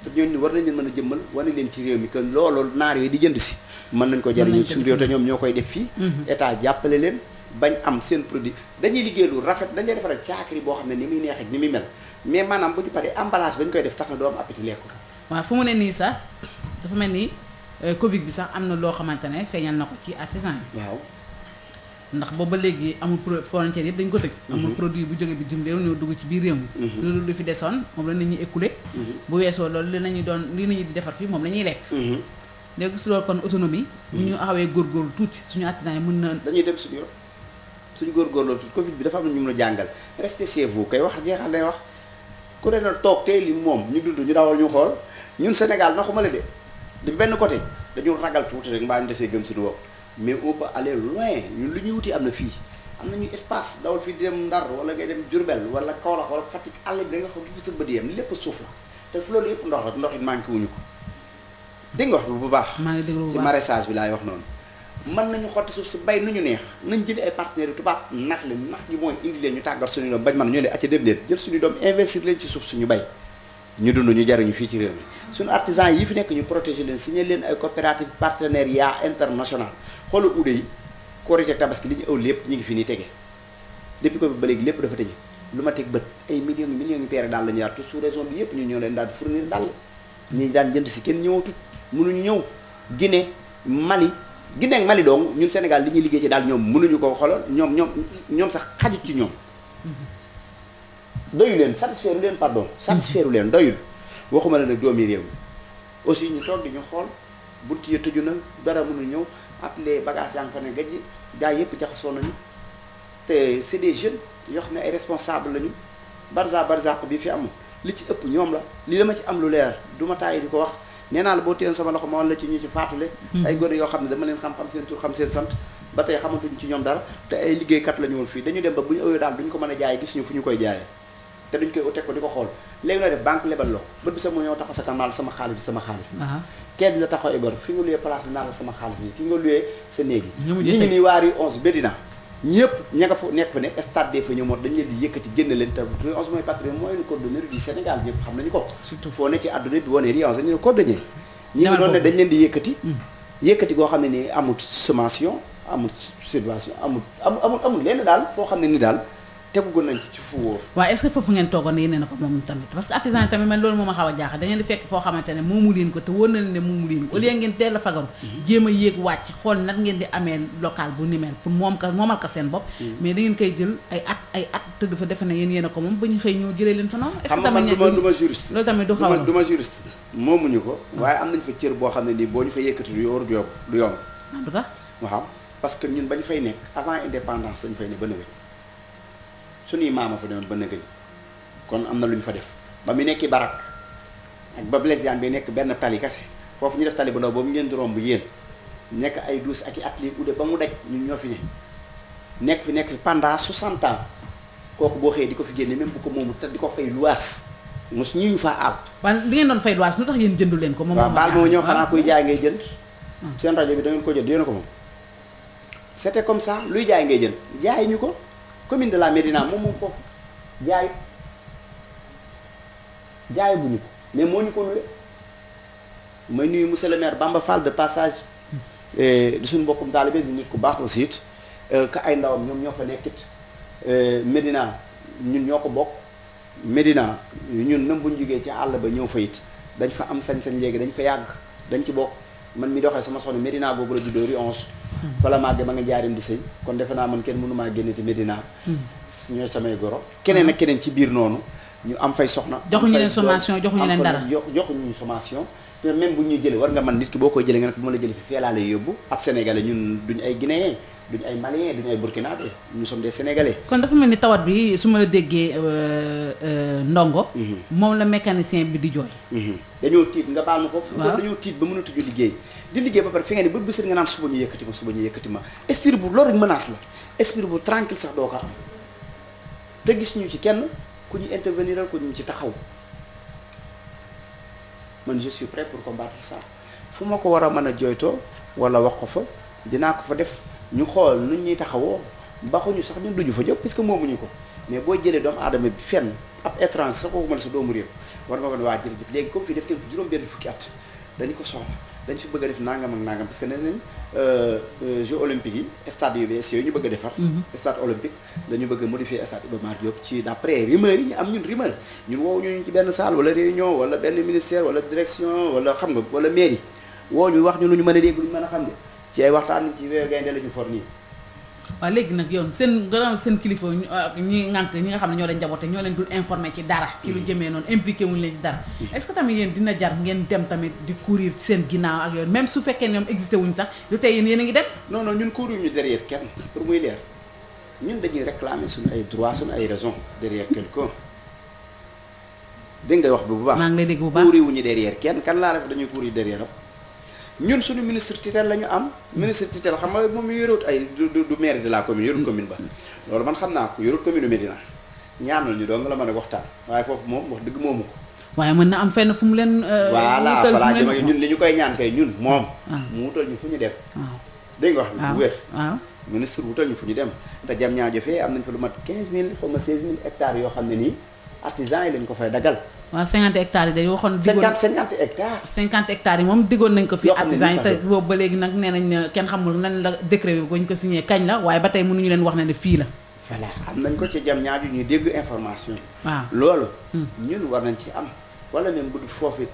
te ñooñu war nañ leen mën a jëmmal wane leen ci réew mi que loolu naar yooyu di jënd si mën nañ ko jariñu suñu réew te ñoom ñoo koy def fii mhm. état jàppale leen bañ am seen produit dañuy liggéey lu rafet dañ lay defaral caakiri boo xam ne ni muy neexee ni muy mel mais maanaam bu ñu paree emballage ba ñu koy def tax na doo am appétit lekku
waaw fu mu ne nii sax dafa mel ni euh, Covid bi sax am na loo xamante ne feeñal na ko ci artisan yi ndax booba léegi amul pro frontière yëpp dañ ko tëj mhm. amul produit bu jógee bitim réew ñoo dugg ci biir réew mi mhm. loolu lu fi desoon moom la nit ñi écoulé mhm. bu weesoo loolu li nañu doon li nañu di defar fii moom la ñuy lekk léegi su loolu kon autonomie bu ñu xawee góorgóorlu tuuti suñu attinaay mën na dañuy
dem suñu yoon suñu góorgóorlu tuuti Covid bi dafa am na ñu mun a jàngal restez chez koy wax jeexal lay wax ku ne na toog tey li moom ñu dund ñu dawal ñu xool ñun Sénégal naxuma la de di benn côté dañu ragal tuuti rek mbaa ñu desee gëm suñu bopp mais on peut aller loin ñun lu ñuy wuti am na fii am nañu espace dawal fi di dem Ndar wala ngay dem Diourbel wala Kaolack wala Fatick àll bi da nga xam fi sa bët yam lépp suuf la te fu loolu yëpp ndox la ndox it manqué wuñu ko dégg nga wax bi bu baax ci maraîchage bi laay wax noonu mën nañu xotti suuf si bay nu ñu neex nañ jëli ay partenaires yu tubaab nax leen nax gi mooy indi leen ñu tàggat suñu doom bañ man ñoo ne acca dem leen jël suñu doom investir leen ci suuf suñu bay ñu dund ñu jariñu fii ci réew mi suñu artisan yi fi nekk ñu protéger leen signer leen ay coopérative partenariat international xoolal uude yi Korite Tabaski li ñu ëw lépp ñu ngi fi nii tege depuis ko ba léegi lépp dafa tëje lu ma teg bët ay millions millions yu peere daal la ñu yaar tout sous raison bi yëpp ñu ñoo leen daal fournir daal ñu daan jënd si kenn ñëwatut munuñu ñëw Guinée Mali Guinée ak Mali doom ñun Sénégal li ñuy liggéey ci daal ñoom mënuñu ko xoolal ñoom ñoom ñoom sax xajut ci ñoom doyu leen satisfaire leen pardon satisfaire leen doyul waxuma la nag yi réew mi aussi ñu toog di ñu xool bunt yi tëju na dara mënul ñëw ak les bagages yaa ngi fa ne gajj jaay yëpp jaxasoo nañu te c'est des jeunes yoo xam ne ay responsable lañu barza barzaq bi fi amul li ci ëpp ñoom la li dama ci am lu leer du ma di ko wax nee naa la boo téyoon sama loxo ma la ci ñu ci faatule hmm. ay gone yoo xam ne dama leen xam-xam seen tur xam seen sant ba tey xamatuñ ci ñoom dara te ay liggéeykat la ñu woon fii dañu dem ba bu ñu ëwee daal a jaay gis fu ñu koy jaayee te duñ koy teg ko di ko xool léegi nooy def banque lebal loo bët bi sax mu ñëw taxaw sa kanam sama xaalis bi sama xaalis bi kenn di la taxaw ibar fi nga luyee place bi naan la sama xaalis bi ki nga luyee sa néeg yi ñi ngi nii waari onze Medina ñëpp ña nga fa nekk fa ne stade des fa ñëw moo dañ leen di yëkkati génn leen te onze mooy patrimoine mooy le cordonnier du Sénégal ñëpp xam nañu ko surtout foo ne ci àdduna bi wone ri onze ñu ne cordonnier
ñi ngi doon ne dañ leen
di yëkkati mm. yëkkati goo xam ne nii amut sommation amut situation amut amul amul lenn daal foo xam ne ni daal tegugu nañ ci ci fu wóor
waaw est-ce que foofu ngeen toogoon ne yéene na ko moom tamit parce que artisan yi tamit man loolu moo ma xaw a jaaxal da ngeen di fekk foo xamante ne moomu leen ko te wóor na leen ne moomu leen ko au lieu ngeen teel a fagaru mhm. ngeen di amee moom ka moomal ko seen bopp mhm. mais da ngeen koy a ñu fa a
du ah. am cër boo xam ne nii boo ñu fa yëkkati du yóor du yomb du yomb waaw parce que ñun bañ fay nekk avant indépendance dañ fay ne ba nëwee suñuy maama fa demoon ba nëgëj kon am na lu ñu fa def ba mu nekki barak ak ba Blaise bi nekk benn tali kase foofu ñu def tali bu ndaw boobu ngeen di romb yéen nekk ay douze ak i atelier ude ba mu daj ñu ñoo fi ne nekk fi nekk fi pendant 60 ans kooku boo xëyee di ko fi génne même bu ko moomu te di ko fay luwaas mos ñu ñu faa aal. waaw li ngeen doon fay luwaas lu tax yéen jëndu leen ko. moom moom baal moo ñëw xanaa koy jaay ngay jënd. Ah. seen rajo bi da ngeen ko jënd yéen ko moom. c'était comme ça luy jaay ngay jënd jaay ko. commune de la Médina moom moom foofu jaay jaay bu ñu mais moo ñu ko luwe may nuyu monsieur le maire Bamba Fall de passage eh, di suñu mbokkum taalibe di nit ku baax aussi it eh, ka ay ndawam ñoom ñoo fa nekkit eh, Médina ñun ñoo ko bokk Médina ñun même bu ñu jógee ci àll ba ñëw fa it dañ fa am sañ-sañ léegi dañ fa yàgg dañ ci bokk man mi doxee sama soxna Médina boobu la juddoo rue bala maa dem a nga jaarim di sëy kon defe naa man kenn mënu maa génne te Medina. Hmm. ñooy samay goro keneen ak keneen ci biir noonu ñu am fay soxna. joxuñu leen sommation joxuñu leen dara joxuñu sommation. même bu ñu jëlee war nga man nit ki boo koy jëlee nga ne bu ma la jëlee fi fee laa lay yóbbu ab Sénégalais ñun duñ ay Guinéen. du duñu ay maliens duñu ay burkinabé nous sommes des sénégalais.
kon dafa mel ni tawat bi su ma la déggee euh, euh, ndongo. Mhm. moom la mécanicien bi di jooy.
Mhm. dañoo tiit nga baal ma foofu. waaw dañoo tiit ba mënatuñu liggéey. di liggéey ba pare fi nga ne bët bu seen nga naan suba ñu yëkkati ma suba ñu yëkkati ma esprit bu loolu rek menace la esprit bu tranquille sax doo ko am te gis ñu ci kenn ku ñu intervenir ko ñu ci taxaw man je suis pour ko combattre ça fu ma ko war a mën a jooytoo wala wax ko fa dinaa ko fa def. ñu xool nu ñuy taxawoo baxuñu sax ñun duñu fa jóg puisque moomuñu ko mais boo jëlee doomu aadama bi fenn ab étranger sax kooku mën sa doomu réew war ma ko ne waa jërëjëf léegi comme fii def ngeen fi juróom benn fukki at dañu ko soxla dañ fi bëgg def nangam ak nangam parce que nee nañ euh, euh, yi stade yu bees ñu bëgg defar mm-hmm. stade olympique dañu bëgg a modifier stade Iba Mar Diop ci d'après rumeur yi ñu am ñun rumeur ñun woowu ñu ci benn salle wala réunion wala benn ministère wala direction wala xam nga wala mairie woo ñu wax ñu lu ñu mën a dégg lu ñu mën a xam de ci ay waxtaan ci weeru ñu for nii
waaw léegi nag yow seen gannaaw seen kilifa ah, ñi ngànk ñi nga xam ne ñoo leen jaboote ñoo leen dul informé ci dara ci lu mm. jëmee noonu wu wuñu leen ci dara mm. est-ce que tamit yéen dina jar ngeen dem tamit di courir seen ginnaaw ak yooyu même su fekkee ñoom existé wuñ sax lu tey yéen yéen ngi def
non non ñun courir ñu derrière kenn pour muy leer ñun dañuy réclamer suñu ay droits suñu ay raisons derrière quelqu'un dégg nga wax bu baax maa ngi lay dégg bu baax courir kenn kan laa def dañuy courir derrière am ñun suñu ministre tutelle la ñu am ministre tutelle xam nga moom yorut ay du du maire de la commune yorut commune ba loolu man xam naa ko yorut commune Médina ñaanal ñu doon nga la mën a waxtaan waaye foofu moom wax dëgg moomu ko
waaye mën na am fenn fu mu leen euh, voilà voilà jëma ñun
li ñu koy ñaan kay ñun moom ah. Ah. mu wutal ñu fu ñu dem ah. dégg nga wax bu wér waaw ministre wutal ñu fu ñu dem te jam ñaa jofee am nañ fa lu mat 15000 xaw ma 16000 hectares yoo xam ne nii artisan yi lañ ko fay dagal
waaw 50 hectares yi dañu waxoon. digoon 50 50 hectares. 50 hectares yi moom diggoon nañ ko fii artisans yi te boobu ba léegi nag nee nañ ne kenn xamul nan la décret bi bañ ko signé kañ la waaye ba tey mënuñu leen wax ne ne fii la.
voilà am nañ ko ci jam yu ñuy dégg information waaw loolu. Hmm. ñun war nañ ci am wala même bu du foofu it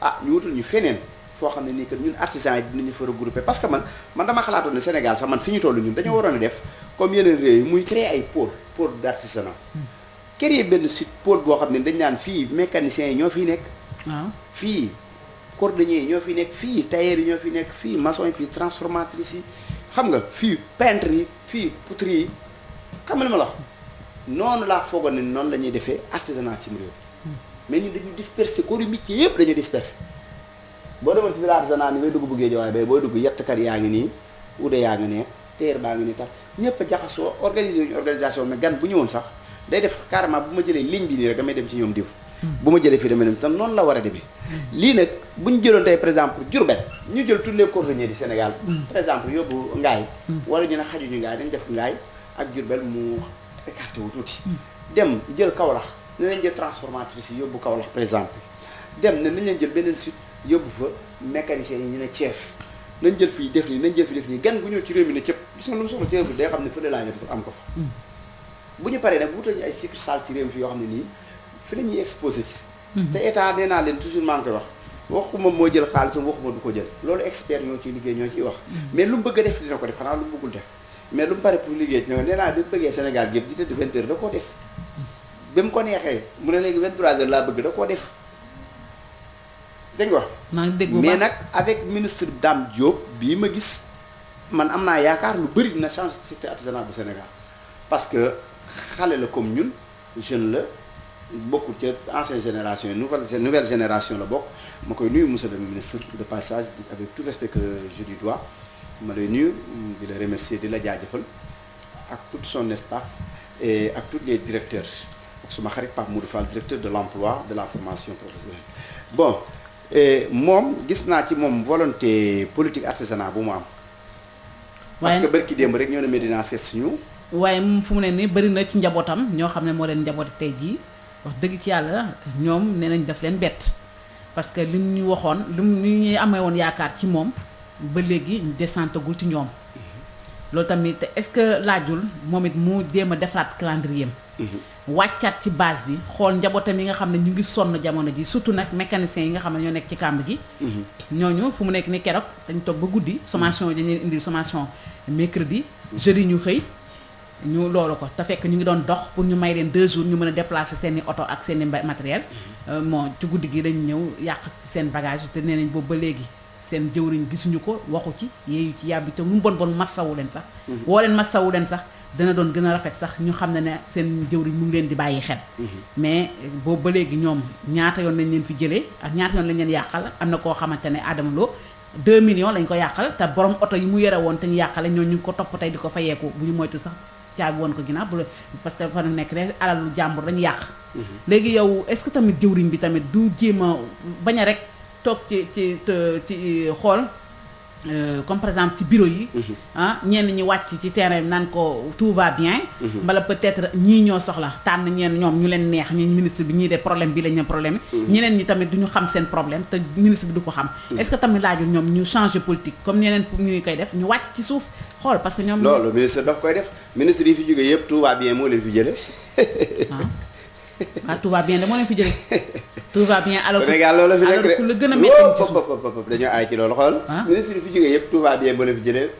ah ñu wutul ñu feneen foo xam ne nii que ñun artisans yi dinañu fa regroupé parce que man man dama xalaatoon ne Sénégal sax man fi ñu toll ñun dañoo waroon a def comme yeneen réew ay pôle pôle d' artisanat. Hmm. créer benn site pôle boo xam ne dañ naan fii mécaniciens yi ñoo fi nekk. waaw ah. fii cordonniers yi ñoo fi nekk fii tailleurs yi ñoo fi nekk fii mason yi fii transformatrices yi xam nga fii peintres yi fii poterie yi xam nga li ma la wax noonu laa foogoon ne noonu la ñuy defee artisanat ci réew mais ñun dañu disperser corps yu métier yëpp dañu disperser boo demoon ci biir artisanat ni ngay dugg buggee jowaay bay booy dugg yettkat yaa ngi nii uude yaa ngi ne teer baa ngi nii tax ñëpp a jaxasoo organiser ñu organisation mais gan bu ñëwoon sax day def carrément bu ma jëlee ligne bi nii rek damay dem ci ñoom diw bu ma jëlee fii damay dem tam noonu la war a demee lii nag bu ñu jëloon tey par exemple Diourbel ñu jël tous les cordonniers du Sénégal par exemple yóbbu Ngaay wala ñu ne xajuñu Ngaay dañ def Ngaay ak Diourbel mu écarté wu tuuti dem jël Kaolack na leen jël transformatrice yi yóbbu Kaolack par exemple dem na nañ leen jël beneen sud yóbbu fa mécanicien yi ñu ne Thiès nañ jël fii def nii nañ jël fii def nii gan gu ñëw ci réew mi ne cëpp gis nga lu mu soxla ci œuvre xam ne fële laa pour am ko fa bu ñu paree nag wutal ñu ay secret sale ci réew mi yoo xam ne nii fi la ñuy exposé mhm. te état nee naa leen toujours maa ngi koy wax. waxuma moo jël xaalisam waxuma du ko jël loolu expert ñoo ciy liggéey ñoo ciy wax. Mhm. mais lu mu bëgg a def dina ko def xanaa lu mu bëggul def mais pare pour liggéey ñoo nee naa bi mu bëggee Sénégal gépp di tëdd vingt heures da koo mhm. ko neexee mu ne léegi vingt trois laa bëgg da koo def dégg nga.
maa ngi mais nag
avec ministre Dame Diop bii ma gis man am naa yaakaar lu bëri dina changer secteur artisanal bu Sénégal parce xale la comme ñun jeune la bokkul ca ancienne génération nouvelle nouvelle génération la bokk ma koy nuyu monsieur le ministre de passage avec tout respect que je lui dois ma lay nuyu di la remercier di la jaajëfal ak tout son staff et ak tous les directeurs ak suma xarit Pape Modou Fall directeur de l'emploi de la formation professionnelle bon moom gis naa ci moom volonté politique artisanat bu mu am. parce que bërki démb rek ñoo ne Médina seet suñu
waaye moom fu mu ne nii bëri na ci njabootam ñoo xam ne moo leen njaboot tey jii wax dëgg ci yàlla ñoom ne nañ daf leen bett parce que lim ñu waxoon lim mu ñuy amee woon yaakaar ci moom ba léegi desantagul ci ñoom loolu tamit est-ce que laajul moom it mu jéem a defaraat calendrier am mm-hmm. wàccaat ci base bi xool njabootam yi nga xam ne ñu ngi sonn jamono ji surtout nag mécaniciens yi nga xam ne ñoo nekk ci kàmb gi mm-hmm. ñooñu fu mu nekk ni keroog dañ toog ba guddi mm-hmm. sommation dañ leen indil sommation mercredi jeudi ñu xëy ñu loolu ko te fekk ñu ngi doon dox pour ñu may leen deux jours ñu mën a déplacer seen oto ak seeni i matériel mhm. euh, bon ci guddi gi dañ ñëw yàq seen bagage te nee nañ boobu ba léegi seen jëwriñ gisuñu ko waxu ci yeeyu ci yàbbi te lu mu bon bon massawu leen sax mhm. woo leen massawu leen sax dana doon gën a rafet sax ñu xam ne ne seen jëwriñ mu ngi leen di bàyyi xel mhm. mais boobu ba léegi ñoom ñaata yoon lañ leen fi jëlee ak ñaata yoon lañ leen yàqal am na koo xamante ne Adama Lo 2 millions lañ ko yàqal te borom oto yi mu yore woon te ñu yàqale ñoo ñu ngi ko topp tey di ko fayeeku bu ñu sax caabi woon ko ginnaaw bu parce que fa nu nekk rek alalu jàmbur dañu yàq mhm. léegi yow est-ce que tamit jëwriñ bi tamit du jéema a bañ a rek toog ci ci xool Euh, comme par exemple ci bureau yi. Mhm. ah ñenn ñi wàcc ci terrain bi naan ko tout va bien. Mhm. mbala peut-être ñii ñoo soxla tànn ñeen ñoom ñu leen neex ñi ministre bi ñii de problème bi la ñu problème mhm. ñeneen ñi tamit du xam seen problème te ministre bi du ko xam. est-ce que tamit laajul ñoom ñu changer politique comme ñeneen ñu koy def ñu wàcc ci suuf xool parce que ñoom. loolu
ministre daf koy def ministre yi fi jógee yëpp tout va bien moo leen fi jëlee.
waaw ah. ah, tout va bien de moo leen fi jëlee. (laughs) tout va bien
alors Sénégal loolu fi nekk ku la gën a métti dañoo aay ci loolu xool ah. ministre yi fi jógee yëpp tout va la fi jëlee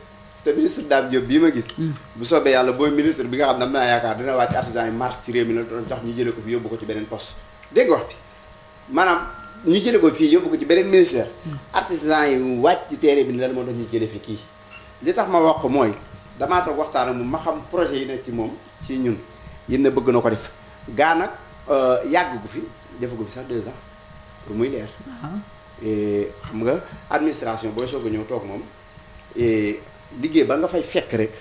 te ministre Dame Diop bii ma gis hmm. bu soobee yàlla booy ministre bi nga xam am naa yaakaar dina wàcc artisan yi marche ci réew mi la doon jox maanaam ñu jëlee ko fii yóbbu ci beneen ministère hmm. artisan yi wàcc ci terrain moo tax ñu jëlee fi kii li tax ma wax ko mooy damaa toog waxtaan ak moom ma xam projet yi nekk ci moom ci ñun yéen na bëgg na ko def gaa nag euh, yàgg gu fi defagu fi sax deux ans pour muy leer. xam nga administration booy soog a ñëw toog moom liggéey ba nga fay fekk rek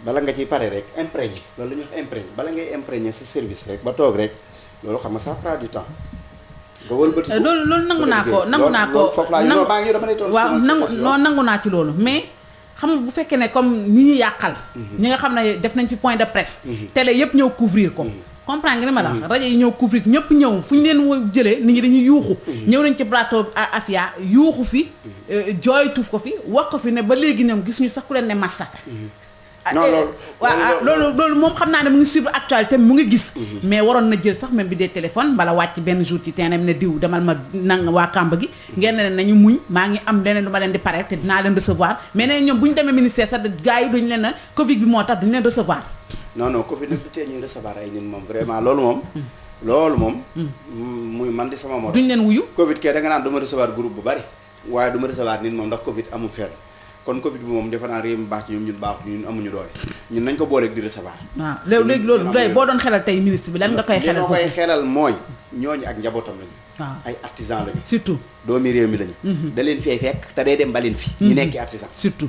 bala nga ciy pare rek imprégné loolu la ñuy wax imprégné bala ngay imprégné sa service rek ba toog rek loolu xam nga ça prend du temps. nga wëlbati ko loolu loolu nangu naa ko nangu naa ko foofu laa ñu baa ngi nangu
non nangu naa ci loolu mais. xam nga bu fekkee ne comme ñi ñu yàqal. Mhm. ñi nga xam ne def nañ ci point de presse. Mhm. télé yëpp ñëw couvrir ko. Mhm. comprendre nga li ma la mm. rajo yi ñëw couvrir ñëpp ñëw fu ñu leen jëlee nit ñi dañuy yuuxu mm. ñëw nañ ci plateau Afia yuuxu fi mm. euh, jooytuuf ko fi wax ko fi ne ba léegi ñoom gis sax ku leen ne masta ah, non eh, loolu waaw ah, loolu moom xam naa ne mu ngi suivre actualité mu ngi gis mm-hmm. mais waroon na jël sax même bi dee téléphone bala wàcc benn jour ci teenam ne diw demal ma nang waa kàmb gi mm-hmm. ngeen ne nañu muñ maa ngi am leneen lu ma leen di pare te dinaa leen recevoir mais leen na covid moo tax duñu leen recevoir
non non Covid nag du tee ñuy recevoir ay nit moom vraiment loolu moom. loolu moom. muy man di sama mor. duñ leen wuyu. Covid kee da naan du ma recevoir groupe bu bari waaye du ma recevoir nit moom ndax Covid amul fenn kon Covid bi moom defe naa réew mi baax ci ñoom ñun baaxul ñun amuñu nañ ko booleeg di recevoir.
waaw ah, léegi loolu doy boo doon xelal tey ministre bi lan nga koy. xelal foofu koy
xelal mooy ñooñu ak njabootam lañu. Ah. ay artisan lañu. surtout doomi réew mi lañu. Mhm. da leen fee fekk te day dem ba leen fi. ñu mhm. nekk artisan. surtout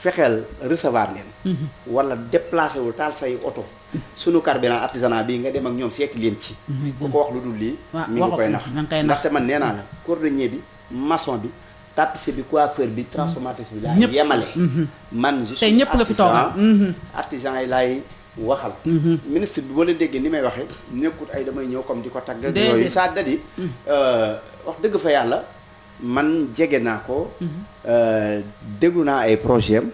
fexeel recevoir leen. Mhm. wala déplacé wu taal say oto. sunu carburant artisanat bi nga dem ak ñoom seeti leen ci. bu mhm, ko wax lu dul lii. mi ngi koy nax ndaxte man nee la cordonnier bi maçon bi. tapissier bi coiffeur bi transformatrice bi. ñëpp laa yemale. Mhm. man je suis tey ñëpp nga fi artisan yi laay waxal. ministre bi boo leen déggee ni may waxee nekkut ay damay ñëw comme di ko tagg. déedéet yooyu saa dadi. Euh, wax dëgg fa yàlla. man jege naa ko. Euh, déglu naa ay projet am.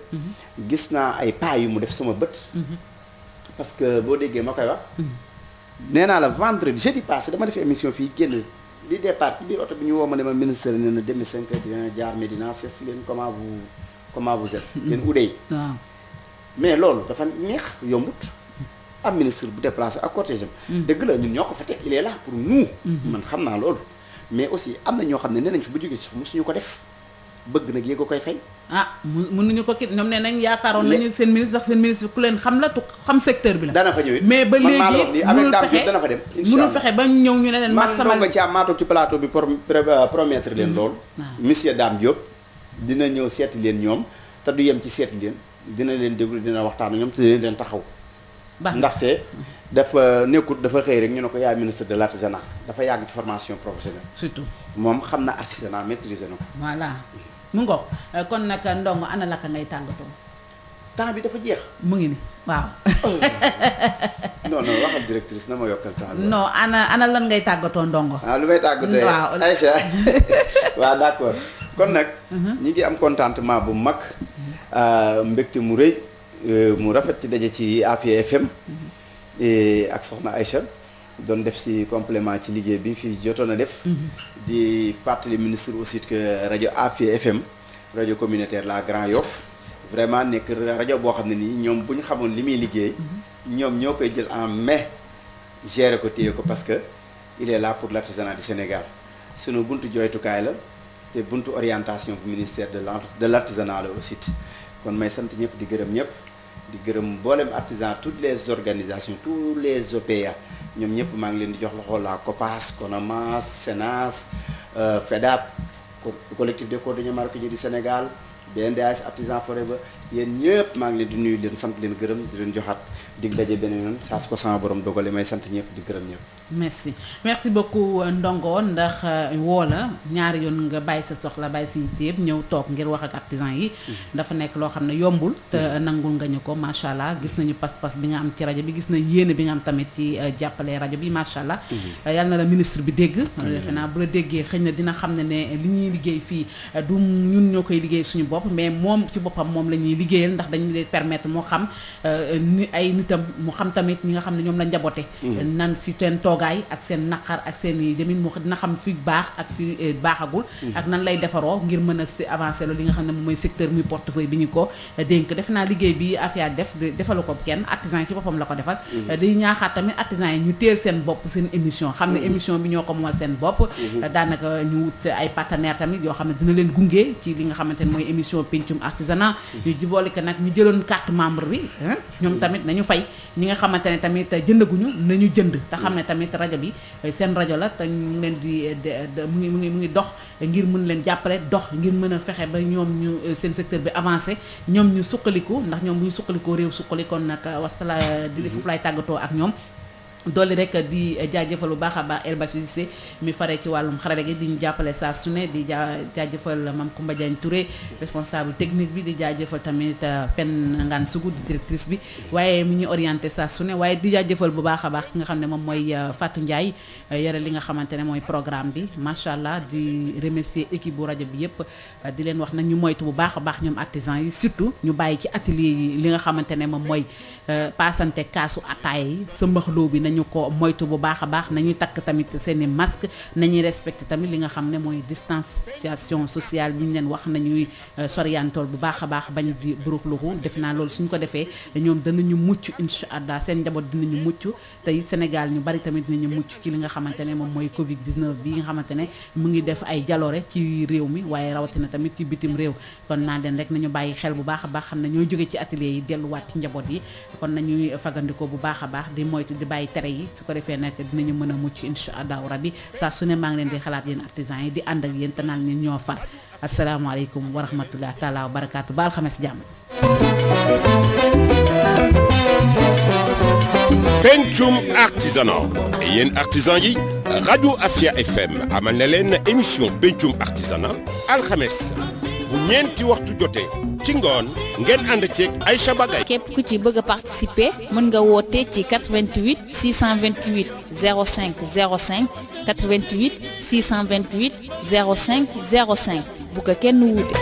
gis naa ay pas yu mu def sama bët. parce que boo déggee ma koy wax. nee naa la vendredi jeudi passé dama def émission fii génn di départ ci biir oto bi ñu woo ma ne ma ministre nee na demi cinq heures dina jaar Médina seet si leen comment vous comment vous êtes. leen Oudé. waaw mais loolu dafa neex yombut. am ministre bu déplacé ak cortège am. Mm. dëgg la ñoo ko fa teg il pour nous. Mm-hmm. man xam naa loolu. mais aussi am na ñoo xam ne nee nañ fi bu jógee si suñu ko def bëgg nag yéeg a koy fay.
ah mun nañu ko kii ne nee nañ yaakaaroon nañu seen ministre ndax seen ministre ku leen xam la tu xam secteur bi la. dana fa ñëw mais ba léegi ba ñëw ñu ne leen. man sama nga
ci am maa toog ci plateau bi pour euh, promettre leen mm-hmm. lool. Ah. monsieur Dame Diop dina ñëw seeti leen ñoom te du yem ci seet leen dina leen déglu dina waxtaan ñoom te dina leen taxaw ndaxte dafa nekkut dafa xëy rek ñu ne ko yaay ministre de l' artisanat dafa yàgg ci formation professionnelle. surtout moom xam na artisanat maîtriser na ko.
voilà mu ngoog kon nag ndongo ana la ka ngay tàngatoo. bi dafa jeex. mu ngi ni waaw. Oh.
(laughs) non non na ma yokkal temps bi.
non tàggatoo ndongo. ah
may tàggatoo waaw Aïcha (laughs) waaw d' accord kon nag. Mhm. ngi am contentement bu mag. Mhm. Euh, mbégte mu rëy. Euh, mu rafet ci daje ci Afia FM mm-hmm. euh, ak soxna Aïcha doon def si complément ci liggéey bi fi jotoon a def mm-hmm. di fàttali ministre aussi rajo Afia FM rajo communautaire la Grand Yoff vraiment nekk rajo boo xam ne nii ñoom bu ñu xamoon li muy liggéey mm-hmm. ñoom ñoo koy jël en mai gérer ko téye ko parce que il est pour l'artisanat du Sénégal sunu buntu jooytukaay la te buntu orientation bu ministère de l' de l' la aussi kon may sant ñëpp di gërëm ñëpp di gërëm mboolem artisan toutes les organisations tous les OPA ñoom ñëpp maa ngi leen di jox loxo la COPAS CONAMAS SENAS euh, FEDAP collectif des coordonnées maroquiniers du Sénégal BNDAS artisan forever yéen ñëpp maa ngi leen di nuyu leen sant leen gërëm di leen joxaat dig daje beneen yoon saa su ko sama borom dogale may sant ñëpp di gërëm ñëpp.
merci merci beaucoup Ndongo ndax euh, woo la ñaari yoon nga bàyyi sa soxla bàyyi sa yitte ñëw toog ngir wax ak artisan yi. Mm-hmm. dafa nekk loo xam ne yombul. te mm-hmm. nangul nga ñu ko macha allah gis nañu pas-pas bi nga am ci rajo bi gis na yéene bi nga am tamit ci euh, jàppale rajo bi macha allah. Mm-hmm. yal na la ministre bi dégg. Euh, defe naa bu la déggee xëy na dina xam ne ne li ñuy liggéey fii du ñun ñoo koy liggéey suñu bopp mais moom ci boppam moom la ñuy liggéeyal ndax dañu lay permettre moo xam euh, ni ay nitam mu xam tamit ñi nga xam ne ñoom la njaboote mm-hmm. nan si seen toogaay ak seen naqar ak seen i demin mu dina xam fi baax ak fi euh, baaxagul mm-hmm. ak nan lay defaroo ngir mën a si avancer loolu li nga xam ne moom mooy secteur muy portefeuille bi ñu ko euh, dénk naa liggéey bi Afia def defalu ko kenn artisan yi ci boppam la ko defal mm-hmm. di ñaaxaat tamit yi ñu teel seen bopp seen émission xam ne émission bi ñoo ko moomal seen bopp daanaka ñu wut ay partenaire tamit yoo xam ne dina leen gunge ci li nga xamante ne mooy émission pencum artisanat ci boole que nag ñu jëloon carte membre bi ñoom mm. tamit nañu fay ñi nga xamante ne tamit jëndaguñu nañu jënd te xam ne tamit rajo bi euh, seen rajo la te ñu leen di euh, mu ngi mu ngi mu ngi dox ngir mën leen jàppale dox ngir mën a fexe ba ñoom ñu euh, seen secteur bi avancé ñoom ñu suqaliku ndax ñoom bu ñu suqalikoo réew suqali kon nag wasala di foofu mm-hmm. laay tàggatoo ak ñoom dolli rek di jaajëfal bu baax a baax El Bachir Cissé mi faree ci wàllum xarale gi di jàppale saa su di jaa jaajëfal Mame Koumba Diagne Touré responsable technique bi di jëfal tamit euh, Pen Ngaan Sougou di directrice bi waaye mu ñuy orienté saa su ne waaye di jëfal bu baax a baax ki nga xam ne moom mooy euh, Fatou Ndiaye euh, yore li nga xamante ne mooy programme bi macha allah di remercier équipe bu rajo bi yëpp di leen wax nag ñu moytu bu baax a baax ñoom artisan yi surtout ñu bàyyi ci atelier yi li nga xamante ne moom mooy paasante kaasu ataaya yi nañu ko moytu bu baax a baax nañuy takk tamit seen i masque nañuy respecté tamit li nga xam ne mooy distanciation sociale bi ñu leen wax nañuy euh, soriyantool bu baax a baax bañ di buruxluxu def naa loolu suñ ko defee ñoom danañu mucc incha allah seen njaboot dinañu mucc tey Sénégal ñu bari tamit dinañu mucc ci li nga xamante ne moom mooy Covid 19 bi nga xamante ne mu ngi def ay jaloore ci réew mi waaye rawatina tamit ci bitim réew kon naa leen rek nañu bàyyi xel bu baax a baax xam ne ñoo jóge ci atelier yi delluwaat ci njaboot yi kon nañuy fagandikoo bu baax a baax di moytu di bàyyi tere xare yi su ko defee nag dinañu mën a mucc incha allahu rabbi saa su ne leen di xalaat yéen artisans yi di ànd ak yéen te naan leen ñoo far asalaamaaleykum wa rahmatulah taalaa wa barakaatu baal xames jàmm.
pencum
artisanat yéen artisans yi rajo Afia FM amal na leen émission pencum artisanat alxames. bu ñeenti waxtu jotee ci ngoon ngeen ànd ceeg Aïcha Bagay
képp ku ci bëgg a participer mën nga woote ci 88 628 05 05 88 628 05 05 bu ko kenn wuute.